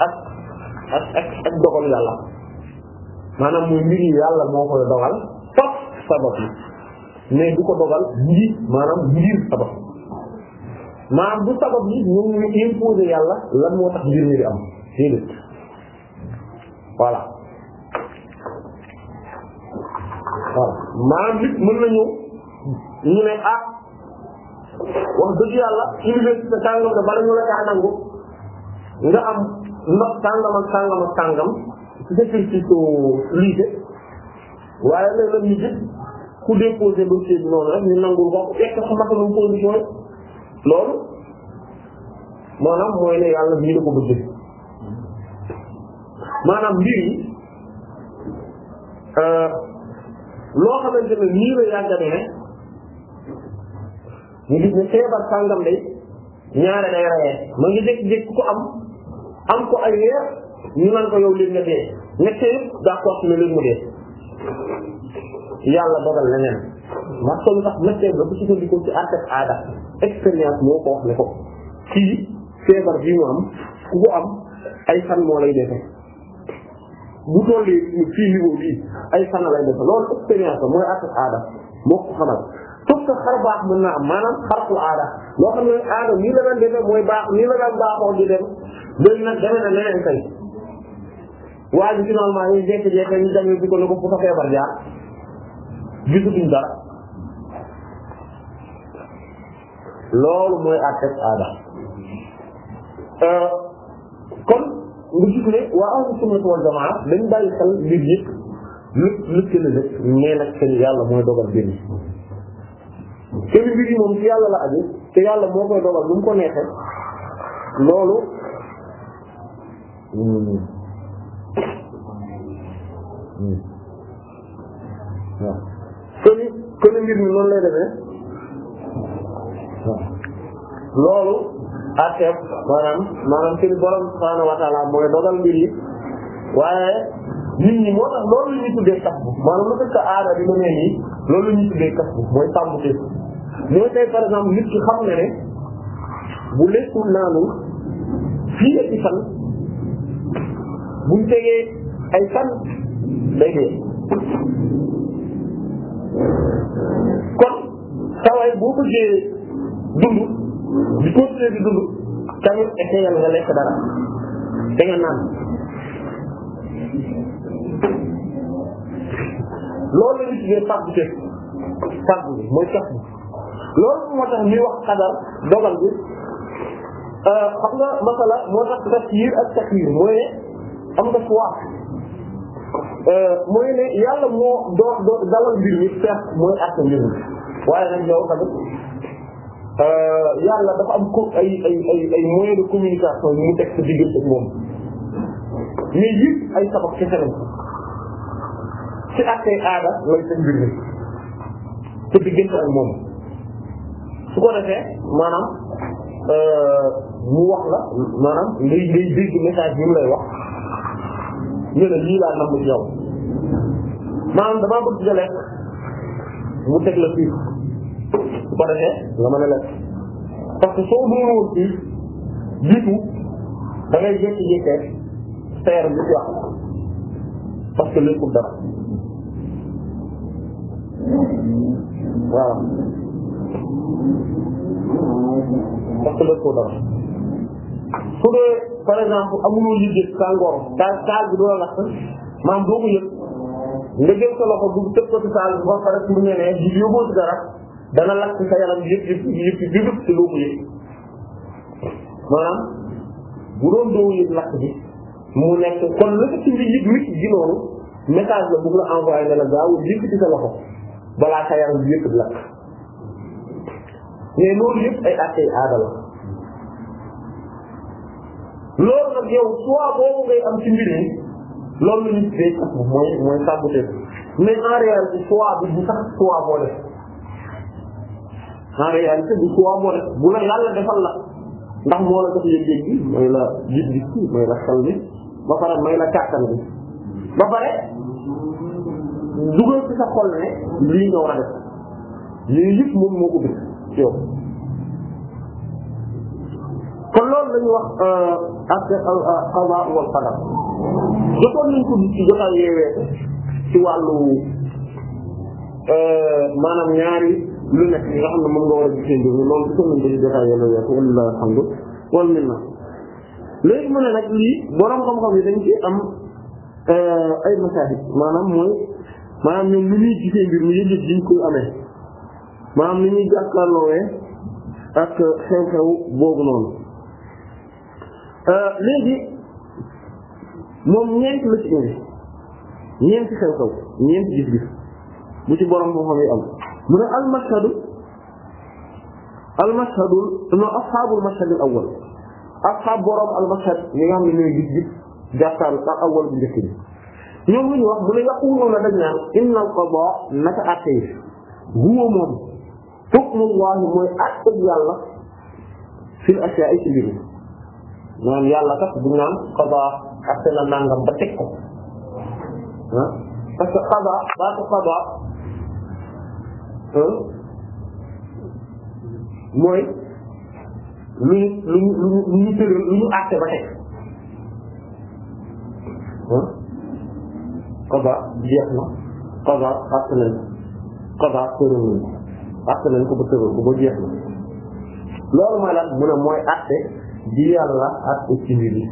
ak ak ak ak dogal yàlla maanaam muy mbir yi yàlla moo koy dogal faf sabab yi mais du ko dogal ngi maanaam ngir sabab maanaam bu sabab yi ñu imposer yàlla lan moo tax mbir mi di am déedéet voilà maanaam nit mën na ñëw ñu ne ah wax dëgg yàlla université sàngam de bala ñu la caa nangu nga am ndox sàngam ak sàngam ak sàngam dëkk ci su lycée waaye nag la ñu gis ku déposé dossier bi noonu rek ñu nangul ko fekk xam nga lu position loolu maanaam mooy ne yàlla nii da ko bëgg maanaam mbir yi euh, loo xamante ne nii la yàgg ne ñu gis feebar sàngam day ñaare day rayee ma ngi jékki-jékki ko am am ko ay weer ñu naan ko yow léegi nga dee ñette yëpp d'accord yàlla dogal leneen ma solu sax médecin la bu sukkandikoo ci àtte aada expérience moo ko wax ko kii feebar bi mu am am ay fan lay defe bu tollee ay fan lay defe loolu expérience mooy àtte ak aada mën naa am maanaam xarqul aada loo xam ne aada nii la daan defe mooy baax nii la daan baaxoo di dem léegi nag demee na leneen tey waa ji finalement ñu jékki-jékki ñu dem di ko ne ko fu sa feebar jaar gisatuñ dara loolu mooy àtteeg aada euh, kon nga gis ne waa ahlu sunnah wal jamaa dañ bàyyi xel mbir yëpp lépp lépp gën a def mais nag seen yàlla mooy dogal mbir yi mbir yi moom ci yàlla la aju te yàlla moo koy dogal bu mu ko neexee loolu Mm. Mm. waaw kon kon mbir mi noonu lay demee waaw loolu àtteeb maanaam maanaam seen borom subhaanahu wa ta'ala mooy dogal mbir yi waaye nit ñi moo tax loolu la ñuy tuddee kaf bu maanaam lu fekk aada bi ma nee nii loolu la ñuy tuddee kaf bu mooy tàmbu tëj mooy tey par exemple nit ki xam ne ne bu lekkul naanul fii la ci fan bu ñu tegee ay fan kon sawaay boo bëggee dund di continuer di dund tamit essayal nga lekk dara da nga naan loolu la ñu tuddee fàggu te fàggu mooy tax bi loolu moo tax ñuy wax xadar dogal bi euh, xam nga masala moo tax tafsiir ak takwiir mooy am na choix euh, mooy ne yàlla moo doo doo dalal mbir mi certes mooy àtte mbir mi waaye nag yow tamit euh, yàlla dafa am ko ay ay ay communication mu teg sa diggante ak moom mais yëpp ay sabab kese lañ ci àttee aada lay teg mbir mi sa diggante moom su ko defee maanaam euh, mu wax la maanaam ngay ngay dégg message bi mu lay wax ñu ne lii laa namm ci yow maanaam damaa bëgg nga lekk mu la fii su ko defee nga mën a lekk parce que soo doon woon fii jiitu da ngay jékki-jékkee seer bi ci wax parce que léppul dara waaw parce que léppul dara su dee par exemple amuloo liggéey sàngoor daal saal bi du la lakk maam doo ko yëg nga jël sa loxo dugg tëb ko ci sa yaram yëpp yëpp yëpp bu doon doo yëg lakk bi mu nekk kon la ci mbir yëpp yëpp ji noonu message la bu la envoyé ne la gaaw yëpp ci sa loxo balaa sa yaram yëpp lakk mais loolu yëpp ay actes aada la. loolu nag yow soit boobu ngay am ci mbir yi loolu la ñuy tuddee mooy mooy sabotage mais en réalité soit bi du sax la yàlla defal la ndax moo la def yëg-yëg bi may la gis-gis bi may la xel bi ba pare may xol ne lii nga war a def lii ko gis yow. kon loolu la wax euh, affaire euh, qada wal qadar jotoon nañ ko ci jotaay yeewee ci wàllu euh, maanaam ñaari lu nekk yi xam ne moom nga war a loolu gisoon nañ ko ci jotaay yeewee weesu walilahi alhamdu wal minna léegi mu ne nag lii borom xam-xam yi dañ ci am ay masaahib maanaam mooy maanaam ñoom ni ñuy gisee mbir mi yëg-yëg diñ koy amee maanaam ni ñuy jàkkaarloowee ak xew-xew boobu noonu Euh, léegi moom ñeent la ci indi ñeenti xew-xew ñeenti gis-gis bu ci borom moo xam yi am mu ne almashhadu almashhadu no ashaabul mashhadil awwal ashaab borom almashhad ñi nga xam ne ñooy lu ñu wax mu ne yaquluuna dañ naan inna al qadaa naka àtte yi huwa moom hukmullahi mooy àtte yàlla fil ashyaa'i ci mbir maanaam yàlla sax duñ naan xadaa na nangam ba teg ko ah parce que xadaa baatu xadaa mooy lu lu lu lu ñu tëral lu ñu atte ba teg ah xadaa na xadaa atte nañ xadaa ko ba tëral ko ba jeex mu ne mooy atte di yàlla ak ci mbir yi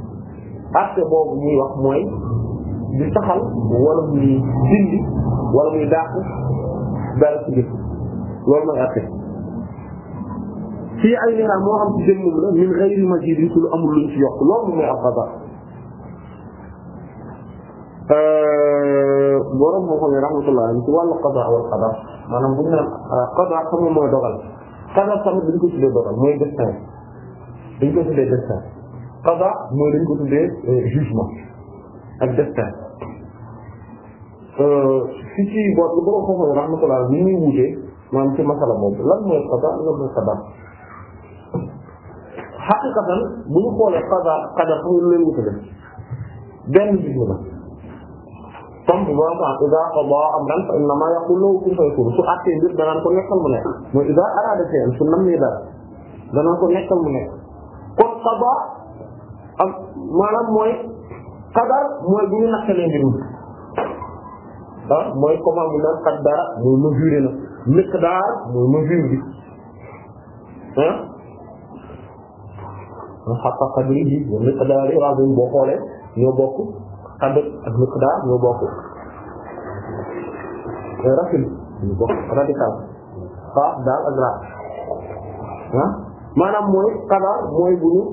acte boobu muy wax mooy di saxal wala muy dindi wala muy dàq dara ci biir loolu mooy acte fii ay niraa moo xam ci jëmmum la min ghayri mazidin ci lu amul luñ ci yokk loolu mooy ab xabaar euh, borom moo xam ne rahmatullah ci wàllu qada wal qadar maanaam bu ñu naan euh, qada xam nga mooy dogal qadar tamit dañ ko tuddee dogal mooy destin dañ ko tuddee destin qada mooy dañ ko tuddee euh, jugement ak destin fi euh, ci boot bu borom xam-xam rahmatullah ni ñuy wutee maanaam ci masala boobu lan mooy qada lan mooy qadar xaqiqatan bu ñu xoolee qada qadar xam nga leen wutale benn jugement la comme bu borom xam ida qada amran fa innama yaqulu lahu kun fayakun su àttee mbir danaan ko nekkal mu nekk mooy ida arada shay'an su nam nee dara danaan ko nekkal mu nekk qada am maanaam mooy qadar mooy bu ñu nattalee mbir mi ah mooy comment mu naan qaddara mooy mesuré na miqdaar mooy mesure bi ah xaqa qadri bi wa miqdaari razim boo xoolee ñoo bokk qadr ak miqdaar ñoo bokk eh, rafil ñu bokk radical xaaf daal ak raaf ah. maanaam mooy xabaar mooy bu ñu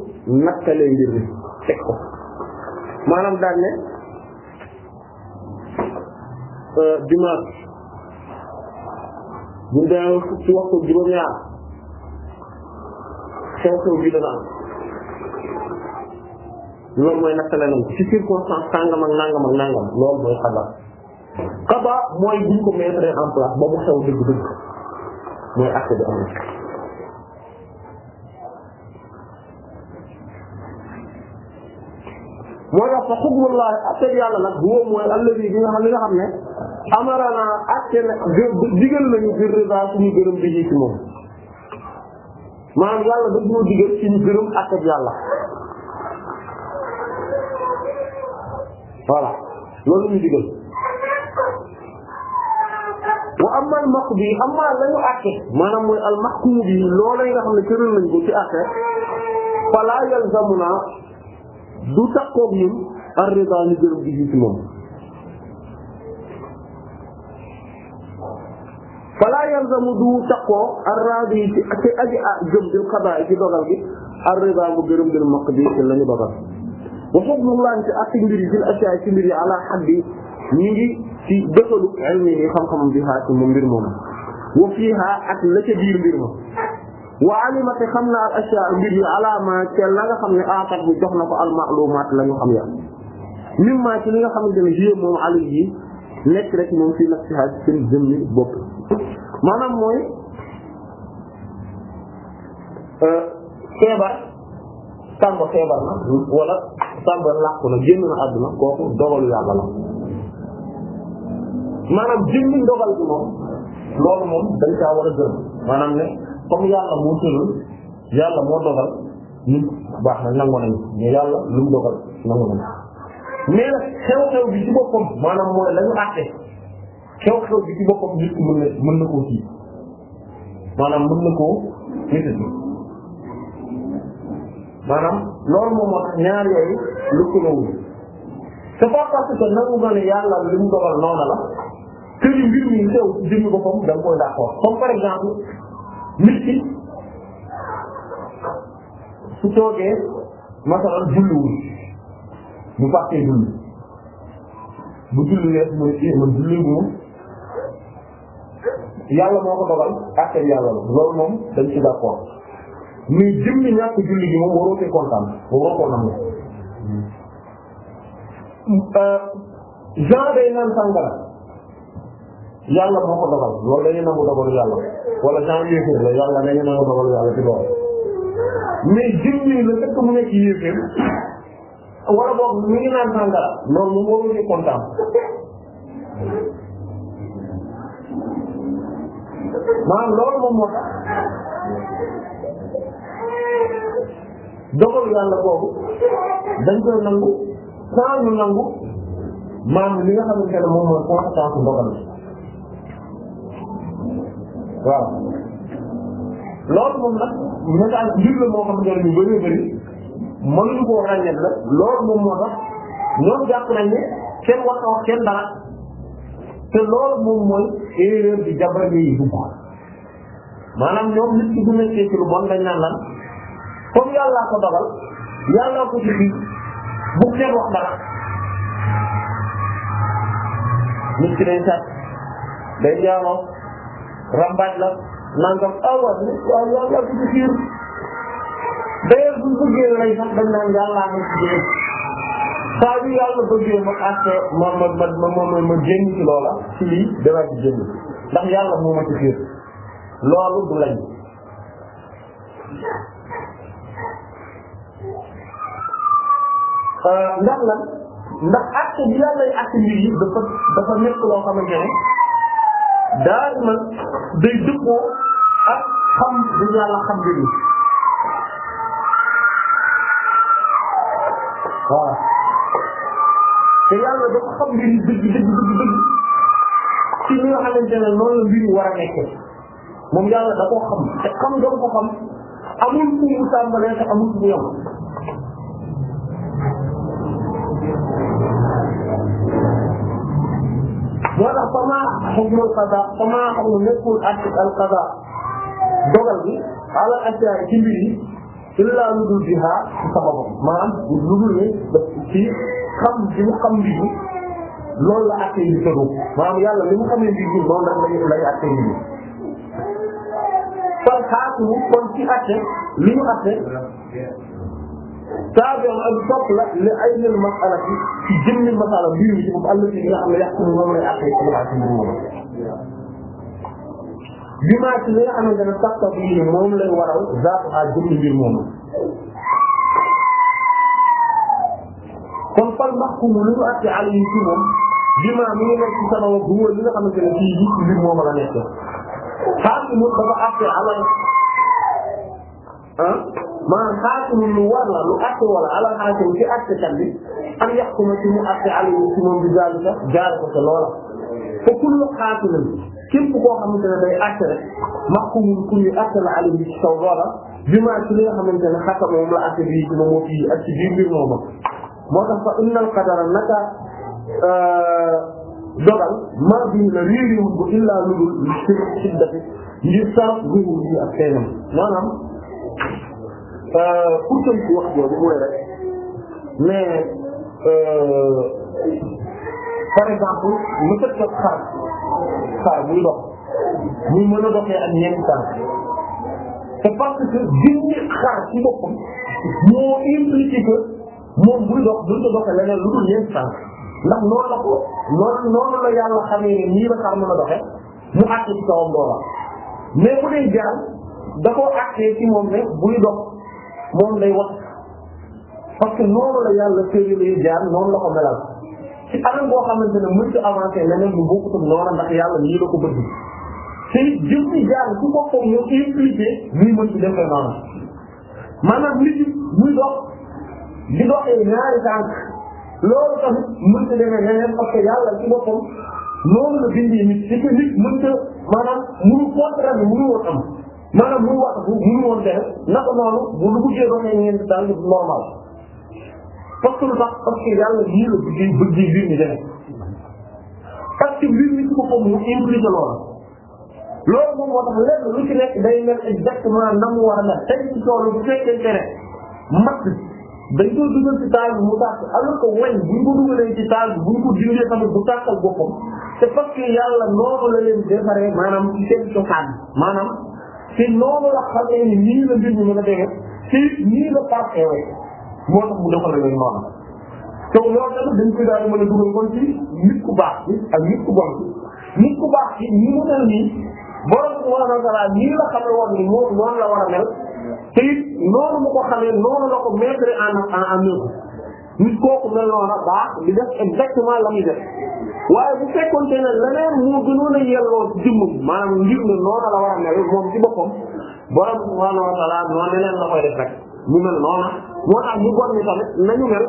nattalee mbir mi teg ko maanaam daan ne euh, dimanche bu ñu demee juróom-ñaar xew-xew bi dana am loolu mooy nattale nañ ci circonstance sàngam ak nangam ak nangam loolu mooy xabaar xabaar mooy buñ ko mettre en place ba mu xew dëgg-dëgg mooy acte bi am na moo tax fa xukmullahi àtteeg yàlla nag bu wow mooy alladi bi nga xam li nga xam ne amarana àtte na digal nañu bi rida suñu gërëm bi ci moom maanaam yàlla da ñoo digal suñu gërëm àtteeg yàlla voilà loolu ñu digal wa amal maq bi amma lañu àtte maanaam mooy al maxkuum bi loola nga xam ne cëral nañ ko ci àtte fala yalzamuna du takkoog ñun ar rida ñu gërëm gi ci moom fala yalzamu du takkoo ar radi ci ci aji a gëm bil qada ci dogal gi ar rida mu gërëm bil maqdi ci lañu dogal wa fadlullahi ci atti mbir yi fil asiya ci mbir yi ala haddi ñi ngi ci dëkkalu ilmi yi xam-xamam bi xaa ci mu mbir moom wa fiiha ak la ca biir mbir ma waa alimati xam na al ashyaa mbir yi alaama teel la nga xam ne aatat bi jox na ko al maalumaat la ñu xam ya mimma ci li nga xamante ne jie moom ali yi nekk rek moom fii nag si xaaj seen jëmmi bopp maanaam mooy euh, feebar sàmba feebar na wala sàmba làqu na génn na àdduna kooku dogalu yàlla la maanaam jëmmi dogal bi moom loolu moom dañ caa war a gërëm maanaam ne comme yàlla moo tëral yàlla moo dogal ñun baax na nangu nañu mais yàlla lu mu dogal nangu nañu mais nag xew-xew bi ci boppam maanaam mooy la ñu àtte xew-xew bi ci boppam nit ku mën na mën na koo kii maanaam mën na koo métti maanaam loolu moom moo tax ñaar yooyu lëkkaloowuñu c'est pas parce que nangu nga ne yàlla li mu dogal noonu la que ni mbir mi xew ci jëmmi boppam da nga koy d'accord comme par exemple. nit ki su toogee masalan julliwul bu fàttee julli bu julliwee mu ne man julli moom yàlla moo ko dogal àtte yàlla la loolu moom dañ ci d'accord mais jëmmi ñàkk julli gi moom waroo koy kontaan waroo ko nangu. Euh, genre day naan sangara. yàlla moo ko dogal loolu dañuy nangu dogalu yàlla wala genre yéeféer la yàlla dañuy nangu dogalu yàlla ci loolu mais jëmmi la fekk mu nekk yéeféer wala boog mi ngi naan sàngara noonu moom warul ci kontaan maanaam loolu moom moo tax dogalu yàlla boobu dañ koy nangu sans ñu nangu maanaam li nga xamante ne moom mooy conséquence dogal waaw loolu moom nag métal mbir la moo xam ne ñu bëree bëri mënuñu koo ràññee la loolu moom moo tax ñoom jàpp nañ ne kenn wax wax kenn dara te loolu moom mooy erreur bi jabar yi dugg maanaam ñoom nit ki bu nekkee ci lu bon dañ naan lan comme yàllaa ko dogal yàllaa ko ci fii bu kenn wax dara nit ki day sàcc day jaaloo rambaaj la nangam ah waaw waaw yàlla ci ci biir saa yu yàlla bëggee ma àtte ma yàlla moo ma ci biir loolu du lañ. Euh, ndax lan ndax àtte bi yàlla lay àtte dafa nekk loo xamante ne. daal man day dëppoo ak xam bi yàlla xam bi nii waaw te yàlla dafa xam mbir yi dëgg dëgg dëgg dëgg ci li nga xamante ne noonu la mbir yi war a nekkee moom yàlla da koo xam te xam doon ko xam amul fu mu tàmbalee te amul fu mu yem moo tax fama xukmul qada fama xam ne nekkul ak qada dogal bi ala asiyaay ci mbir yi illa dul biha sababam maanaam lu dul ne ci xam li mu xam mbir mi loolu la àtte yi tëdu maanaam yàlla li mu xamee mbir mi loolu rek lañu lay àtte mbir mi kon xaatu kon ci àtte li ñu àtte taabi am ak topp la li ay lil masala bi ci jëmmi masala mbir mi ci bopp àll bi nga xam ne yàq moom lay àq ci moom bi maa ci li nga xamante ne sax sax yi moom lay waral zaatu a jëmmi mbir moom kon fal maxkum lu ñu àtte àll yi ci moom bi maa mi ngi nekk ci sama wóor li nga xamante ne fii yi ci mbir moom la nekk xaar ci moom dafa àtte àll ah maanaam xaakim lu war la lu àtte wala ala xaakim ci àtte kat bi am yaxkuma ci mu àtte alayhi ci moom bi zalika jaare ko te loola te kullu xaakimin képp koo xamante ne day àtte rek maxkumun ku ñu àtte la alayhi ci kaw loola bi maa ci li nga xamante ne xatam moom la àtte bii ci moom moo fii ak ci biir mbir mooma moo tax fa innal qadara naka euh, dogal maa bii la réeriwul ko illaa ludul ci siddati ngir saaf guubu bi ak seenam maanaam Euh, pour tënk wax jooju mooy rek mais euh, par exemple lu fekk xar xar muy dox muy mën a doxee ak ñeenti tànk c'est parce que dindi xar ci boppam moo impliqué que moom buy dox duñ ko doxee leneen lu dul ñeenti tànk ndax noonu la ko noonu noonu la yàlla xamee ne nii la xar mën a doxee mu àtte ci kawam doola mais bu dee jaar da koo àttee ci moom ne buy dox. moom lay wax parce que noonu la yàlla tëralee jaar noonu la ko melal ci anam boo xamante ne mënut a avancé leneen lu bokkutul noonu ndax yàlla nii la ko bëgg te jëm ci jaar su boppam ñoo impliqué muy mën noonu a demee yàlla ci boppam noonu la bindee nit ci nit mënut a maanaam mënu contraire bi mënu woon am. maanaam muy wax bu mu woon dee naka noonu bu lu buggee doon ay ñeent daal yëpp normal parce que lu tax parce que yàlla lii la bëgg bëgg mbir mi demee parce que mbir mi su ko foog mu impliqué loola loolu moom moo tax lenn lu ci nekk day mel exactement na mu war a mel tey ci toolu bu fekkente ne matt dañ koy dugal ci taal bi mu tàkk alors que wañ buñ ko dugalee ci taal bi buñ ko dindee tamit bu tàkkal boppam c'est parce que yàlla noonu la leen defaree maanaam ci seen cosaan maanaam te noonu la xamee nii la mbir a demee ci nii la noonu baax bi ak nit la xamee woon la a mel te xamee noonu la ko mettre en en en œuvre kooku mel noonu baax di def exactement la muy def. waaye bu fekkoonte ne leneen moo gënoon a yelloo ci jëmm maanaam ngir ne noonu la war a mel moom ci boppam borom subhaanahu wa ta'ala noonu leneen la koy def rek mu mel noonu moo tax ñu bon ni tamit nañu mel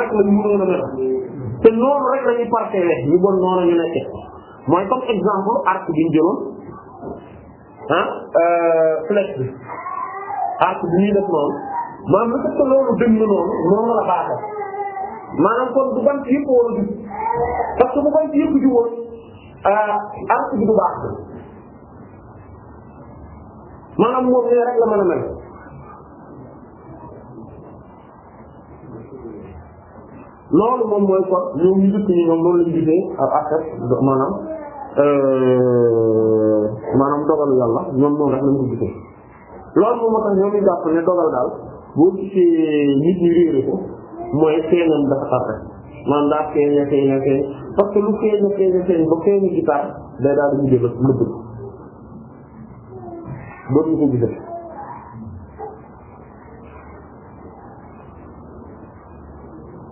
rek lañu mënoon a mel te noonu rek la ñuy partewe ñu bon noonu ñu nekke mooy comme exemple arc bi ñu jëloon ah flèche bi arc bi ñuy def noonu maanaam lu fekk loolu dëgg na noonu noonu la baaxee maanaam kon du bant yëpp war a jub parce que bu bant yëpp juboon ah, arc bi du baax maanaam moom nee rek la mën a mel loolu moom mooy kon ñoom ñu dëkk ñi ñoom loolu lañu gisee affaire maanaam euh, maanaam dogalu yàlla ñoom moom rek lañ ko gisee loolu moom moo tax ñoom ñu jàpp ne dogal daal boo gisee nit ñi réere ko mooy feeñam dafa xar rek maanaam daa feeñ a feeñ a feeñ parce que lu feeñ a feeñ a feeñ ba feeñu gitaar day daal di mujj lëbb dootuñu ko gisee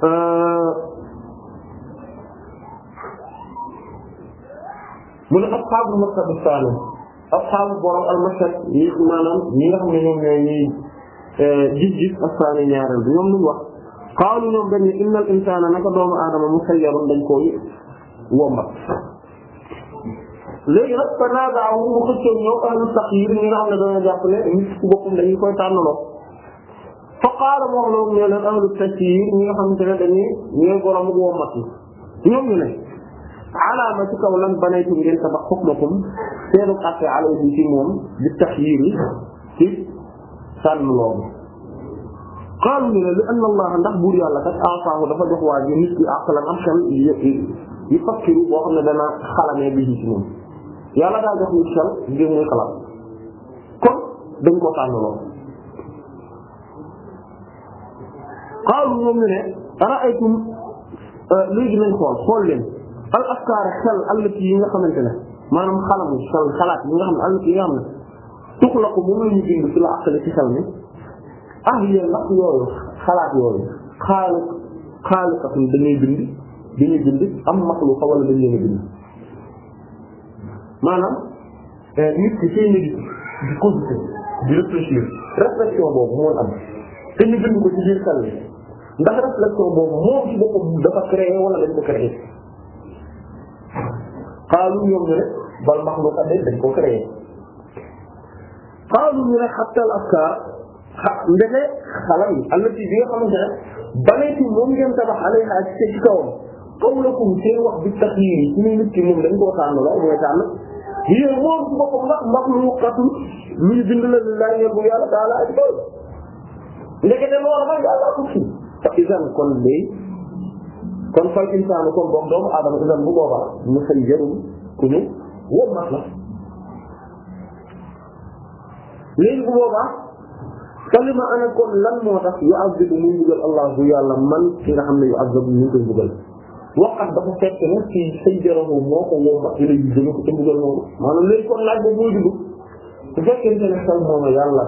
euh, mu ne asxaabu masab saani asxaabu borom al masab yi maanaam ñi nga xam ne ñoom ñooy ñuy euh, gis-gis ak saani ñaareel bi ñoom lu wax qaalu ñoom dañ ne innal insaana naka doomu aadama musayyarun dañ koo wombat léegi nag fa naaza'ahum mu xëccoo ñëw ahlu taqyiir ñi nga xam ne dañoo jàpp ne nit ku boppam dañu koy tànnaloo fa qaala moo xam ne leen ahlu taqyiir ñi nga xamante ne dañuy ñooy borom wommat yi ñoom ñu ne alaama ci kaw lan banaytum ngeen tabax xukmakum seenu àtte alayhi ci moom di taqyiir yi ci tànn loolu xaalu ñu ne allah ndax buur yàlla kat afaahu dafa jox waa ji nit ki àqalan am xel yu fakkiru boo xam ne dana xalamee bi ci moom yàlla daa jox nit xel ngir muy xalaat kon dañ ko tànn lool xaalu ñoom ñu ne ara'aytum euh, léegi nañ xool xool leen al afkaar xel allati yi nga xamante ne maanaam xalamu xel xalaat yi nga xam ne allati yi nga xam ne tuxlaqu moom la ñu bind ci ci xel mi ah yéen ndax yooyu xalaat yooyu xaali xaaliqatun dañuy bind dañuy bind am maxluqa wala dañ leen a bind maanaam eh, nit ki seen nit di cogité di réfléchir réflexion boobu moo am te ñu bind ko ci biir xel ndax réflexion boobu moom ci boppam dafa créé wala dañ ko créé xaalu ñoom ñu ne bal maxluqa dañ ko créé xaalu ñu ne xattal afkaar xa ndeke xalam bi allati bi nga xamante ne baneeti moom ngeen tabax alayha ci ci kawam qawlakum seen wax bi tax yi suñu nit ki moom dañ koo tànn la mooy tànn yéen moom su boppam ndax ndax lu xatul luy bind la laa ngeen bu yàlla taala ak tool ndeke ne loolu mooy yàlla ko fi fa isan kon day kon fal insaanu kon boog doomu aadama isan bu boobaa mu xëy jarul ku ñu wóor mat la léegi bu boobaa kalima ana kon lan moo tax yu azzibu muy mbugal allah bu yàlla man ki nga xam ne yu azzibu ñu ngi koy mbugal waxat dafa fekk ne ci sëñ jaroo moo ko womba ila yu jëme ko ca mbugal noonu maanaam léegi kon laaj ba mooy dugg su fekkente ne xel mooma yàlla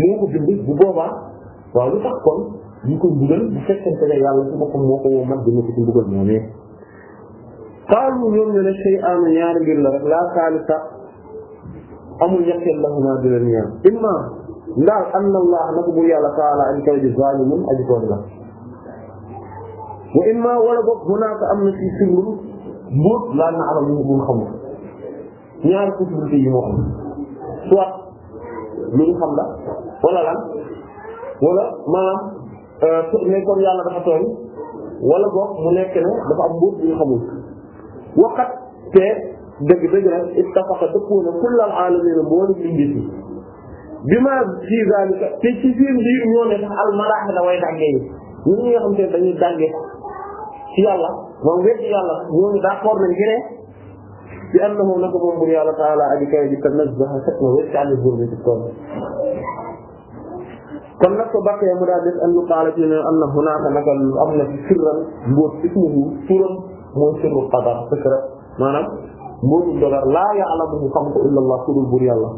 moo ko bind bu boobaa waaw lu tax kon ñu koy mbugal bu fekkente ne yàlla ci boppam moo ko wombat jëme ko ci mbugal noonu xaalu ñoom ñu ne shay'an ñaari mbir la rek laa xaalis sax amul ñetteel la xanaa di leen ñaan imma ndax anna allah naka buur yàlla taala aji kaw ji zalimun aji tooñ la wa imma wala boog hunaaka am na ci sirrun mbóot laa na alam ñu buñ xamul ñaari possibilité yi moo am soit lu ñu xam la wala lan wala maanaam ne euh, kon yàlla dafa tooñ wala boog mu nekk ne dafa am mbóot bu ñu xamul waqat te dëgg dëgg la ittafaqa dëppoo na kullal aalamiina mboolem bindéef yi bi ma fii zalika te ci biir lii ñoo ne sax al maraaxi la way dàggee yi ñun ñi nga xam te ne dañuy dàggee ci yàlla moom wér ci yàlla ñooñu d'accord nañ gënee bi annahu naka moom bur yàlla taala aji kay ji tanazzaha set na wér ci àll góor bi ci tool kon nag ko bàkkee mu daal def annu qaala ci ne am na hunaaka naka am na ci sirran mbóot ismuhu turam mooy sirru qadar secret maanaam mbóotu dogar laa ya'lamuhu xam ko illa allah ku dul bur yàlla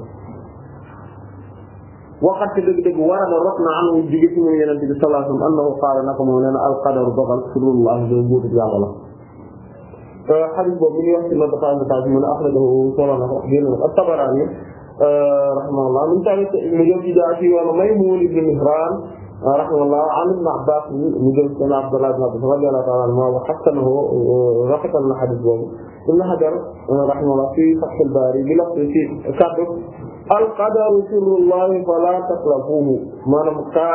waxat ci dëgg-dëgg waral rot na anhu jóge ci moom yeneen bi sallallahu alayhi wa sallam annahu qaala naka moom nee na alqadaru dogal fadlullah do nguurub yàlla la euh, xadis boobu mi ngi wax ci ma dafa am message mu ne axrajahu solo na ko génn na at-Tabarani euh, rahimahullah min tamit mu jël ci jaar ci yoonu Maymun ibn Mihran rahimahullah an ibn Abbas mu jël ci Abdullah ibn Abbas radiyallahu ta'ala anhu wa hasanahu euh, rafetal na xadis boobu Ibn Hajar rahimahullah fi Fathul Bari bi la ci kaddu alqadaru sirrullahi fala taklafuhu maanaam ka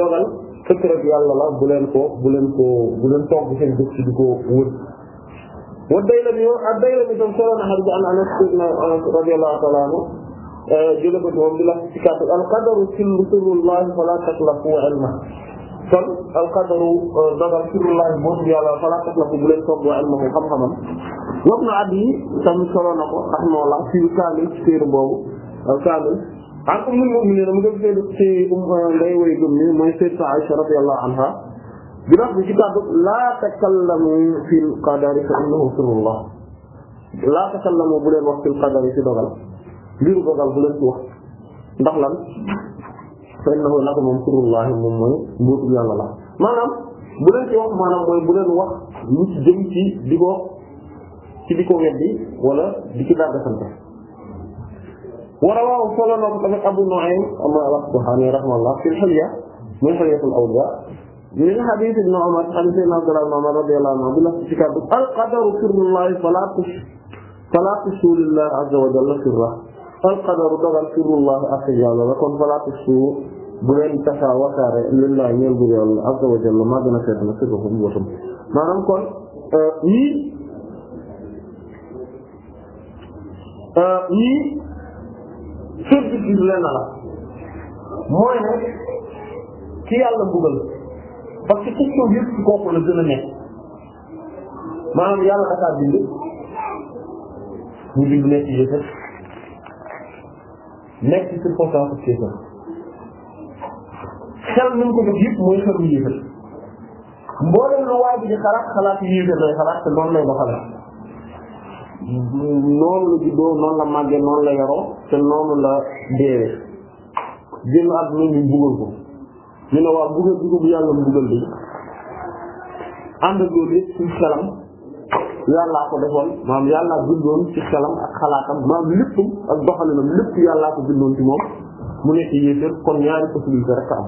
dogal fekk rek yàlla la bu leen ko bu leen ko bu leen togg seen dëkk di ko wër wa Daylami ad-Daylami tam solo na hadith an Anas ibn Anas radiyallahu ta'ala anhu eh, jële ko moom di la ci kàttu alqadaru sirrullahi fala taklafu ilma kon alqadaru eh, dogal sirrullahi moom yàlla fala taklafu bu leen togg ilmahu xam-xamam wax na at yi tamit solo na ko rahimahullah ci kaale ci téere boobu kaamil an ummul mu'minin mu def seedu ci nday way gëm ni mooy sayyidatu Aisha radiyallahu anha bi wax bi laa takallamu fil qadari fa innahu sirrullah laa takallamu bu leen wax fil qadari ci dogal mbiru dogal bu leen ci wax ndax lan fa innahu moom sirrullah moom mooy mbuutu yàlla la maanaam bu wax maanaam mooy wax lu ci jëm ci ko ci di ko wala di ci wa rawaahu solo na ko tamit Abu Nu'aym as-Sanbahani rahimahullah fil Hilya min Hilyatil Awliyaa min hadiis Ibn Umar hadiis Ibn Abdullah ibn Umar radiyallahu anhu bi lafzi ci kàddu al-qadaru sirrullahi salaatu salaatu rasuulillah azza wa jalla sirra al-qadaru dogal sirrullahi azza wa jalla kon salaatu suur bu leen tasaa wasaare lillahi ñeel bu yàlla azza wa jalla maa gën a seet na sirruhum watum maanaam kon euh, ñii euh, ñii service bi lenn la mooy ne ci yàlla mbugal parce que question bi yëpp ci kooku la gën a nekk maanaam yàlla dafa bind ñu bind nekk yéex nekk ci circonstance ak question xel nañ ko def yëpp mooy xelu yéex mboolem lu waay bi di xalaat xalaat yéex lay xalaat te noonu lay doxalee. noonu la juddoo noonu la màggee noonu la yaroo te noonu la deewee génn àdduna ñu mbugal ko ñu ne waa mbugal bi bu yàlla mbugal bi ànd ak loolu yëpp ci xelam yàllaa ko defoon maanaam yàllaa bindoon ci xelam ak xalaatam maanaam léppam ak doxalinam lépp yàllaa ko bindoon ci moom mu nekk yéeféer kon ñaari possibilité rek am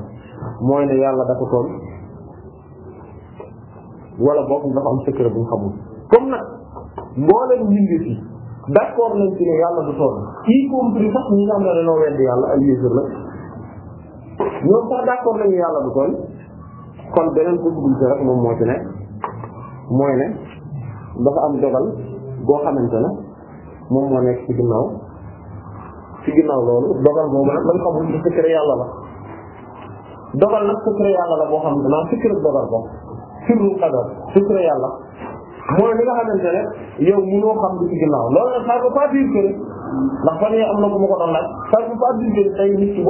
mooy ne yàlla dafa toon wala boog dafa am secret bu ñu xamul comme nag mbooleen mbindeef yi d'accord nañ ci ne yàlla du toll y compris sax ñi nga xam ne dañoo wedd yàlla ay yéefar la ñoom sax d'accord nañu yàlla du toll kon beneen ko dugul ci rek moom mooy ci ne mooy ne dafa am dogal boo xamante ne moom moo nekk ci ginnaaw ci ginnaaw loolu dogal boobu nag lañ xamul ci secret yàlla la dogal nag secret yàlla la boo xamante ne mooy li nga xamante ne yow mënoo xam li ci ginnaaw am na ku ma ko doon laaj ça veut pas dire que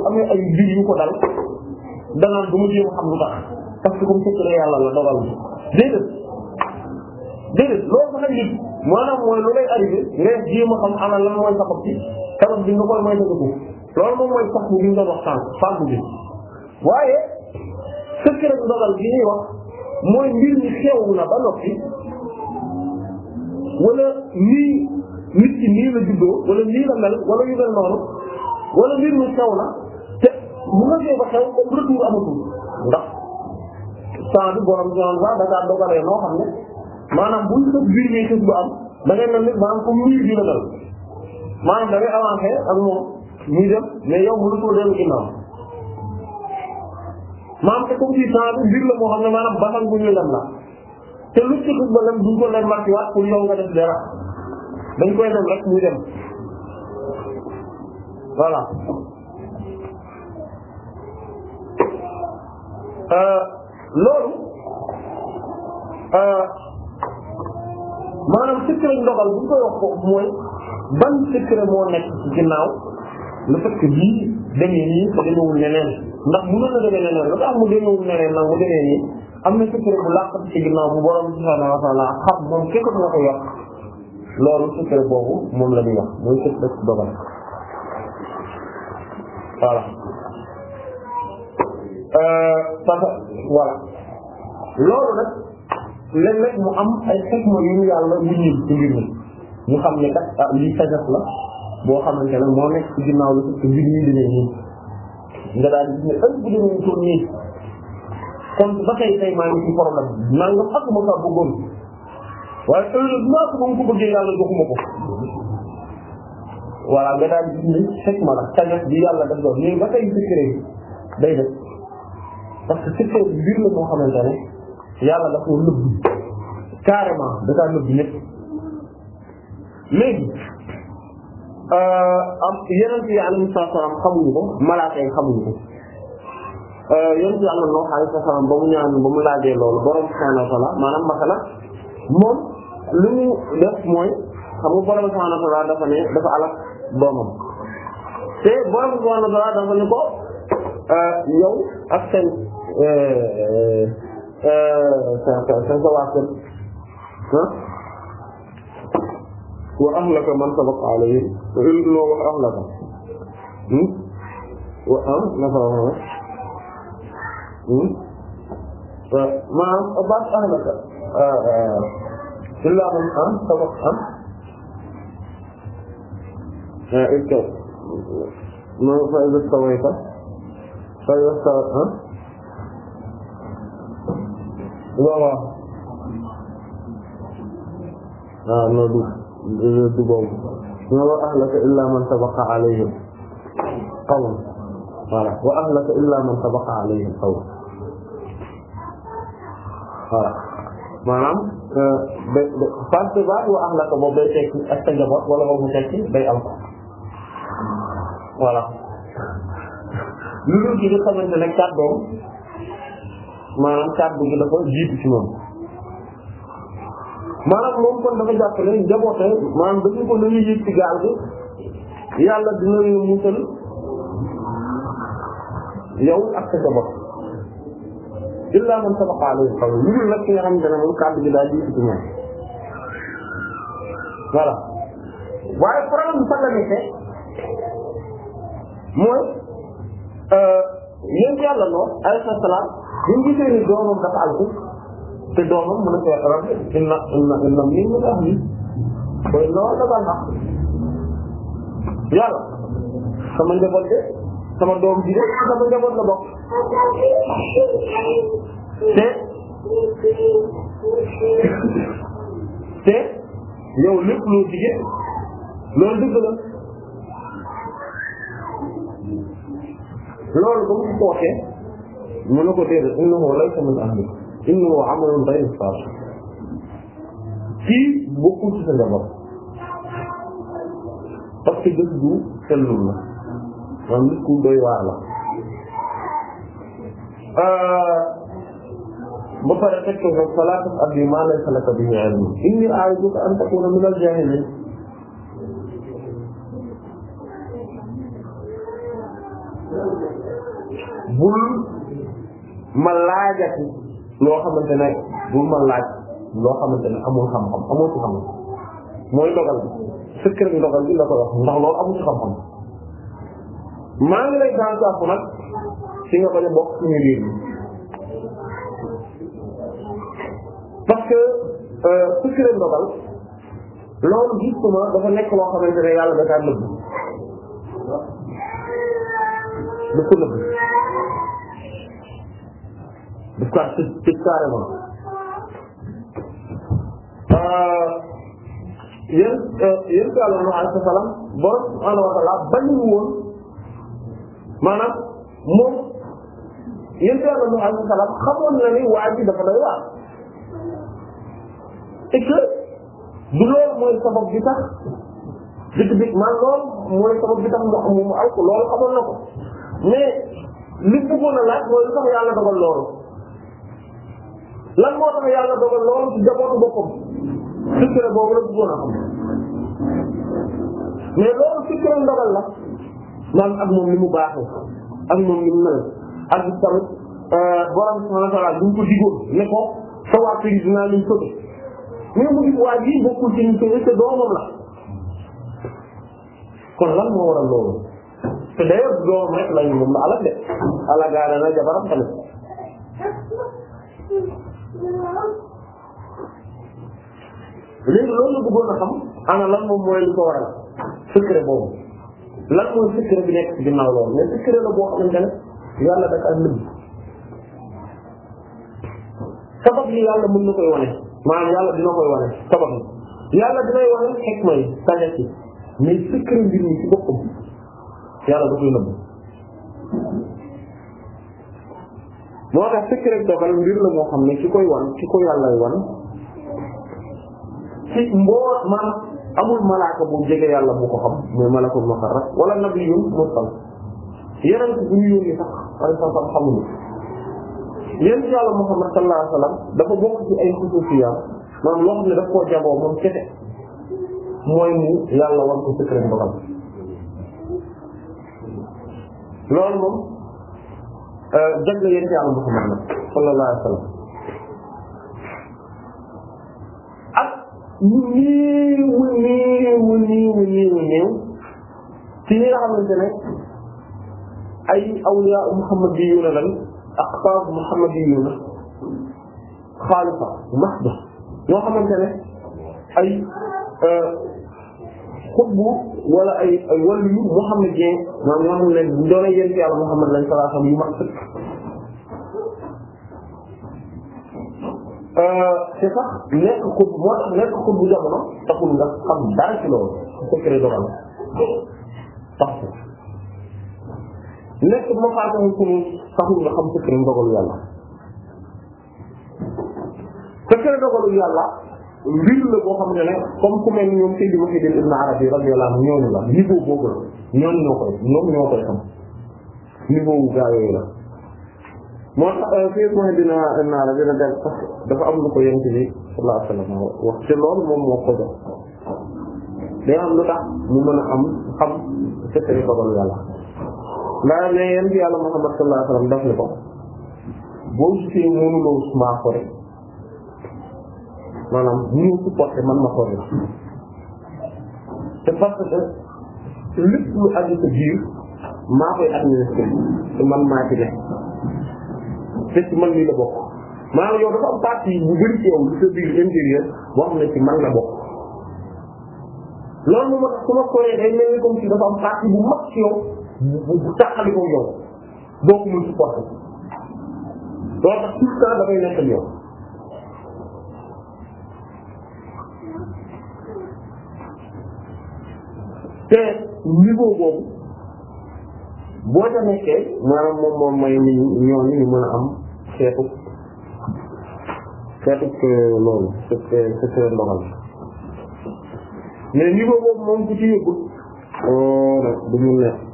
amee ay mbir yu ko dal danaan du ma jéem a xam lu tax parce que comme fekk na la dogal bi déedéet déedéet loolu sax nag nit maanaam mooy lu lay arrivé ngay jéem a xam ana lan mooy sabab bi sabab bi nga koy may sa dugub loolu moom mooy sax bu waaye fekk na dogal bi ñuy wax mooy mbir mi xew na ba noppi. wala nii nit ki nii la juddoo wala nii la mel wala yu mel noonu wala mbir mi xew na te bu nga see ba xew comme retour amatul ndax temps bi borom ñoom sax da kaa dogalee noo xam ne maanaam buñ ko biir ngay xës bu am da ngay mel ni maanaam comme nii bi la mel maanaam da ngay avancé ak moom muy dem mais yow mënatoo dem ginnaaw maanaam te comme si temps bi mbir la moo xam ne maanaam basal bu ñuy dem te lu ci xutba lam duñ ko leen martiwaat pour yow nga def dara dañ koy def rek muy dem voilà euh, loolu euh, maanaam secret ndogal bu ñu koy wax foofu mooy ban secret moo nekk ci ginnaaw le fait que lii demee nii te demeewul neneen ndax mënoon na demee neneen lu tax mu demeewul neneen nag mu demee nii am na secret bu làq ci ginnaaw bu borom subhaanahu wa ta'ala xam moom képp moo ko yàq loolu secret boobu moom la ñuy wax mooy secret dogal voilà euh, parce que voilà loolu nag léeg-léeg mu am ay xikma yu ñu yàlla mu ñëw ci mbir mi ñu xam ne kat ah lii sañaf la boo xamante ne moo nekk ci ginnaaw la te mbir mi dinañ ñëw nga daal di gis ne ëpp dinañ ko ñëw. kon ba tey tey maa ngi ci problème nangam ak ma ko bëggoon waaye heureusement que ba mu ko bëggee yàlla joxuma ko voilà nga daal gis la sagesse bi yàlla def doon mais ba tey secret day def parce bi mbir la moo xamante ne yàlla dafa nëbb carrément da kaa nëbb ñëpp léegi euh, am yi alayhi salaam xamuñu ko yi ko Euh, yéen ci yàlla Nuh alayhi salaam ba mu ñaan ba mu laajee loolu borom subhaanahu wa ta'aala maanaam masala moom li mu def mooy xam nga borom subhaanahu dafa ne dafa alal doomam te borom subhaanahu wa dafa ne ko euh, yow ak seen sa sa sa sa waa kër ah wa ahlaka man sabaqa alayhi loo wax ahlaka hmm, wa ah maanaam hmm? baat ahlaka ah. illa man am ah, sabaq am ah. ita ma fa iza stawayta fa iza stawat am waaw waaw no du du boobu ma wa ahlaka illa man sabaqa alayhi qawm voilà wa ahlaka illa man sabaqa alayhi qawm voilà maanaam day euh, parce que baat wa ahlaka boobu day tekki ak sa njaboot wala boobu mu tekki day am ko voilà lu dul gi nga xamante ne kàddoom maanaam kàddu gi dafa jiitu ci moom maanaam moom kon dafa jàpp ne njaboote maanaam dañu ko nañu gaal gi yàlla dina musal yow ak sa illaa man sabaqa alayhi qawl lu dul nag xam ne moom kàddu gi daal jiitu ci moom voilà waaye problème bi fan la nekkee mooy euh, yéen yàlla noonu alayhi salaam bi mu gisee ni doomam dafa alku te doomam mën a fekk rab inna inna inna min min ahli mooy loolu dafa nax yàlla sama njaboot de sama doom ji de sama njaboot la te te yow lépp loo dige loolu dëgg la loolu ba mu ko waxee mën na ko déedéet innahu laysa min ahli innahu amalun ghayru saalih kii bokkul ci sa njaboot parce que dëgg bu sellul la maanaam nit ku doy waar la ba pare teg ko nga salaatu abdi maa laysa laka bihi ilm inni a'iduka an takuna min al-jaahiliin bul ma laajati loo xamante ne bul ma laaj loo xamante ne amul xam-xam amul ci xam-xam mooy dogal bi secret dogal bi la ko wax ndax loolu amul ci xam-xam maa ngi lay daan saafu nag ci nga bañ a bokk suñu biir parce que euh, sukkure ndogal loolu gisuma dafa nekk loo xamante ne yàlla da kaa nëbb daf ko nëbb daf ko tëj tëj carrément euh, yéen euh, yéen si àll bi alayhi salaam borom subhanahu wa ta'ala bañu woon maanaam moom yéen yàlla Nuh alayhi salaam xamoon na ni waa ji dafa doy waar et que du loolu mooy sabab bi tax dëgg bi man loolu mooy sabab bi tax mu am mu ko na ko mais li bëggoon a laaj mooy lu tax yàlla dogal loolu lan moo tax yàlla dogal loolu ci jabootu boppam secret la bëggoon a xam mais loolu secret ndogal man ak moom li mu ak moom li mu ak it tamit euh, borom subhanahu wa ta'ala duñ ko diggoon ne ko sa waa kër yi dinaa leen sauver mais mu ngi waa ji bokkul ci ñu sauver te doomam la kon lan moo waral loolu te d'ailleurs doomam rek lañ moom la alal de alagaare na jabaram tamit léegi loolu la bëggoon a xam ana lan moom mooy li ko waral secret boobu lan mooy secret bi nekk ci loolu mais secret la boo xamante ne yàlla da kaa nëbb sabab yi yàlla mën na koy wane maanaam yàlla dina koy wane sabab yi yàlla dinay wane xekma yi sagesse yi mais secret mbir mi ci boppam yàlla da koy nëbb moo tax secret dogal mbir la moo xam ne ki koy wan ki ko yàllay wan ci mboo maanaam amul malaaka bu jege yàlla bu ko xam mooy malaakul muqarrab wala nabiyul mursal yeneen bu ñu yónni sax alayhi salaam xamuñu yéen ci yàlla Muhammad sallallahu alayhi wasallam dafa bokk ci ay xusuusiyaam maanaam loo xam ne daf koo jagoo moom kese mooy mu yàlla wan ko secret borom loolu moom euh, jagle yéen ci yàlla Muhammad nag sallallahu alayhi wasallam ak ñu néew néew néew néew néew ci ñi nga xamante ne ay awliya muhammadiyuna lan aqtaab muhammadiyuna xaalisa mahda ñoo xamante ne ay euh, xutbu wala ay ay wàllu yu muhammadiyeen maanaam ñoo xam ne bu doon yéen yàlla muhammad lañ salaatam yu mag sëkk euh, te sax nekk xut moo tax nekk xut bu jamono taxul nga xam dara ci loolu secret dogal taxul nekk bu ma fàttali ko nii xam secret ndogalu yàlla secret ndogalu yàlla mbir la boo xam ne ne comme ku mel ni ñoom Seydou Mouhidine Arabi radiyallahu anhu ñooñu la niveau boobu la ñooñu koy ñoom ñoo koy xam niveau wu gaa yooyu la. moo tax euh, Seydou Mouhidine Ibn Arabi dina dem sax dafa ko yëngu ci sallallahu alayhi wa sallam wax te loolu moom moo ko jox day am lu tax mu mën a am xam secret ndogalu yàlla. maanaam ne yéen yàlla Muhammad sallallahu alayhi wa daf ne ko boo gisee mënuloo maa sori maanaam mënoo supporter man ma sori la te parce que lépp lu aju sa biir maa koy administré te man maa ci nekk te ci man lii la bokk maanaam yow dafa am partie bu bëri ci yow li sa biir intérieur ne ci man la bokk loolu moo tax su ma sori day mel ni comme si dafa am partie bu mag ci yow. bu taxali moom yow doo ko mën supporter loolu tax tout temps dafay nekk ak yow te niveau boobu boo ca nekkee maanaam moom moom ni ñooñu ñu am xeetu xeetu loolu c'est c'est ndogal mais niveau boobu moom ku ci yëgul euh, du mu nekk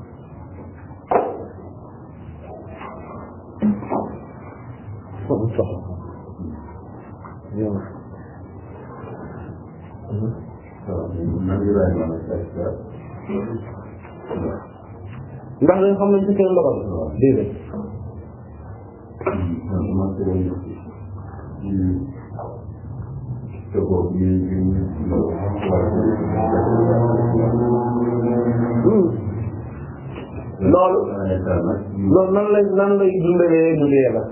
ndax dañ xam nañ ci seen loxo bi déedéet loolu loolu nan lay nan lay dundalee dundee la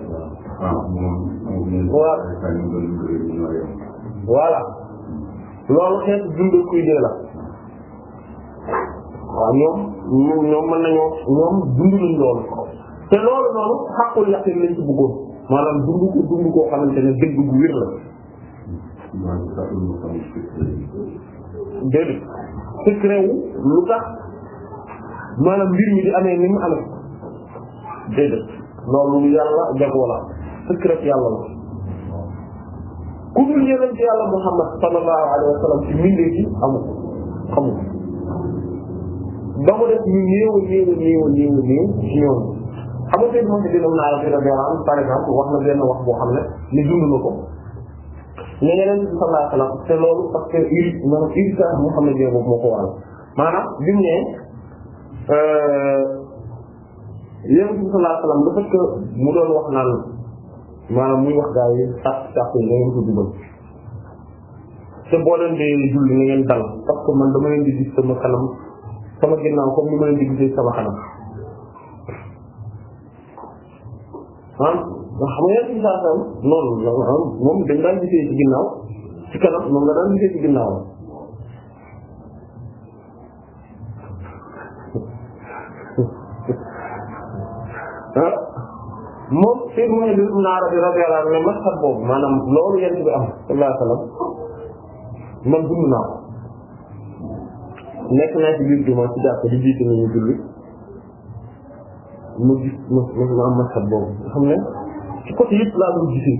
voilà loolu xeet dundal kuy dee la waaw ñoom ñoom ñoom mën nañoo ñoom dund lañ doon te loolu noonu xàqul yaqin lañ ci bëggoon maanaam dund ko dund koo xamante ne dëgg gu wér la. déedéet secret wu lu tax maanaam mbir mi di amee ni mu amee déedéet loolu yàlla jagoo la secret yàlla la ku dul yeneen ci yàlla Muhammad sallallahu alayhi wa sallam ci mbindee ci amul xamul ba mu def ñu néew a néew a néew a néew nga seen mënti dina naa la par exemple wax na benn wax boo xam ne ni dund na ko ne yeneen bi sallallahu alayhi wasallam te loolu parce que il maanaam il moo xam ne jéego moo ko waral maanaam bi mu ne euh, yeneen bi sallallahu alayhi wasallam le fait mu doon wax naan maanaam muy wax gaa yi sàq sàq yi na ngeen ko jubal te boo dee julli na ngeen dal parce man dama di gis sama kanam sama ginnaaw comme ni ma leen di gisee sama xanam ah nga xam nga ci saa saa noonu moom dañ daan gisee ci ginnaaw ci kanam moom nga daan gisee ci ginnaaw ah moom Seydou Moussa Diouf Naara di radiyallahu anhu ne masxab boobu maanaam loolu yent bi am sallallahu alayhi man dund naa ko. nekk naa ci biir jumaa ci jàpp di jiite nañu julli mu gis ma ma am masat boobu nga xam ne ci côté yëpp laa doon gisee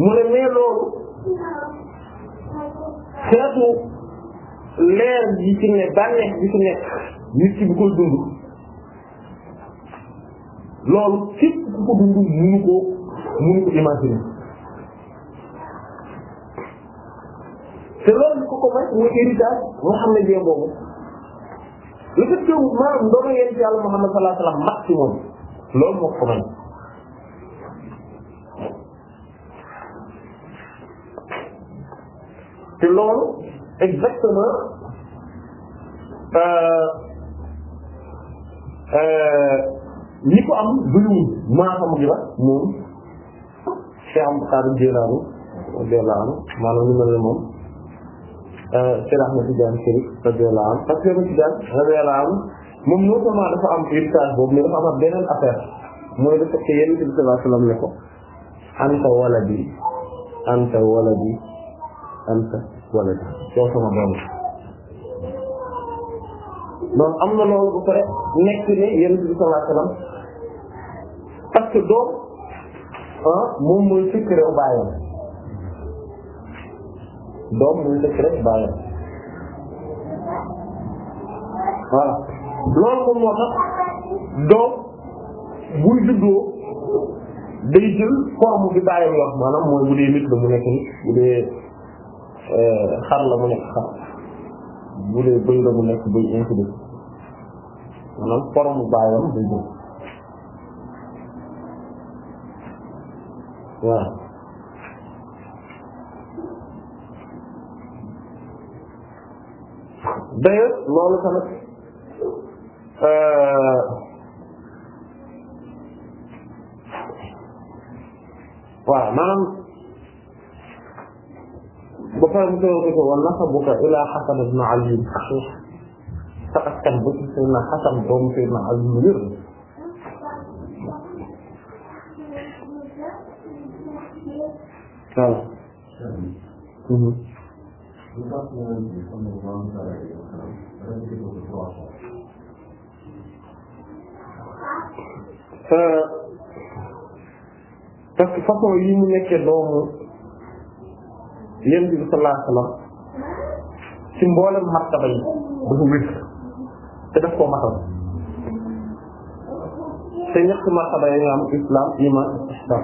mu ne mais loolu xeetu leer bi ci ne bànneex bi ci nekk nit ki bu koy dund loolu képp ku ko dund munu ko munu ko imaginer te loolu ko ko may mooy héritage moo xam ne dee boobu lu ko teew maanaam ndono yéen ci maximum loolu moo ko te loolu exactement li ko am duñu maa xam gi la moom Cheikh Abdou Qadir Jilani radiyallahu anhu maanaam li ma leen Cheikh Ahmed Tidiane Chérif radiyallahu anhu parce que Ahmed Tidiane radiyallahu anhu moom non seulement dafa am héritage boobu mais dafa affaire mooy dafa te Yonent bi sallallahu alayhi wa sallam ne ko anta waladi anta waladi anta waladi yow sama doom donc am na loolu ba pare nekk ne Yonent bi sallallahu alayhi wa sallam parce que doom ah moom mooy doom muy dëkk rek bàyyam voilà loolu comme moo doom day jël forme bi bàyyam wax maanaam mooy bu la mu nekk nit bu dee euh, la mu nekk xar bu dee bëy la mu nekk bëy insibi maanaam forme bàyyam day jël d'ailleurs loolu tamit waaw euh, maanaam ba pare mu teewoo ko wa nasabuka ilaa Hasan ibn Ali sa askan ba ci Seydina Hasan doomu Seydina Ali wér waaw mhm. Without the energy from the wrong side of your curve, other people will draw off. parce que façon yi mu nekkee doomu yonent bi sallallahu alayhi wasallam ci mboolem martaba yi dafa wér te daf koo matal te ñetti martaba yi nga am islam iman ihsan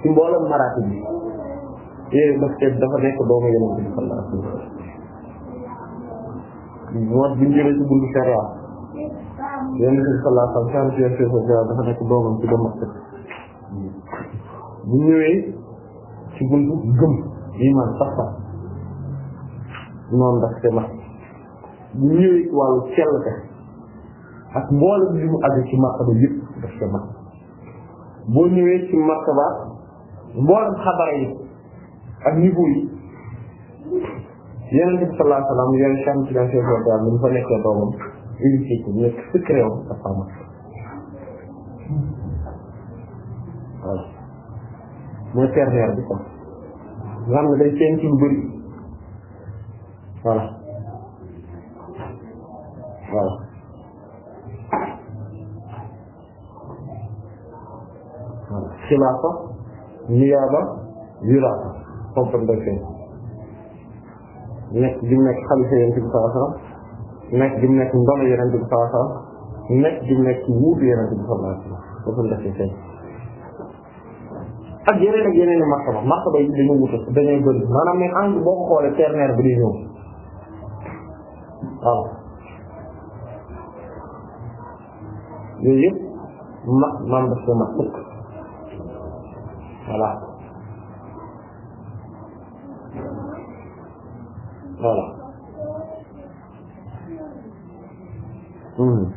ci mboolem maraati bi ndax dafa nekk doomu yonent bi sallallahu alayhi wa sallam moo biñ jëlee ci buntu sharia yonent bi sallallahu alayhi wa sallam ci dafa nekk doomam ci doomu bu ñëwee ci buntu gëm iman sax sax noonu ndax te ma bu ñëwee ci wàllu sell ka ak mboolem li mu aju ci martaba yëpp daf te ma boo ñëwee ci martaba mboolem xabaar yi ak niveau yi yeneen bi sallallahu alayhi wa sallam yooyu sàmm ci la see doon lu mu fa nekkee doomam unifié ko nekk secret wu dafa am voilà mooy pervers ne day seen ci lu bëri voilà voilà voilà xilaafa niyaaba toppam day feeñ nekk gi mu nekk xalifa yonent bi sallallahu nekk gi mu nekk ndono yonent bi sallallahu alayhi nekk gi mu nekk wuutu yonent bi sallallahu alayhi wasallam toppam day feeñ ak yeneen ak yeneen i martaba martaba yi dañoo wute dañoo bëri maanaam ne ange boo ko xoolee ternaire bi day ñëw waaw yooyu yëpp ma maam daf ko mat sëkk Mhm.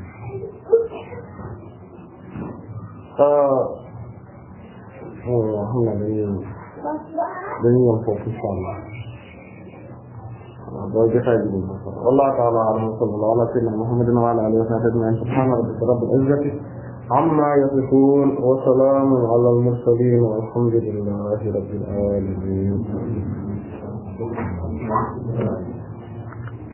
Euh, euh, voilà bon xam naa dañuy dañuy yem foofu incha allah waaw booy jotaay bi wallahu ta'ala a'lam wa sallallahu ala sayyidina muhammadin wa ala alihi wa sahbihi ajma'in subhana rabbika rabbil izzati amma yasifun wa salamun ala al mursalin walhamdulillahi rabbil alamin mois.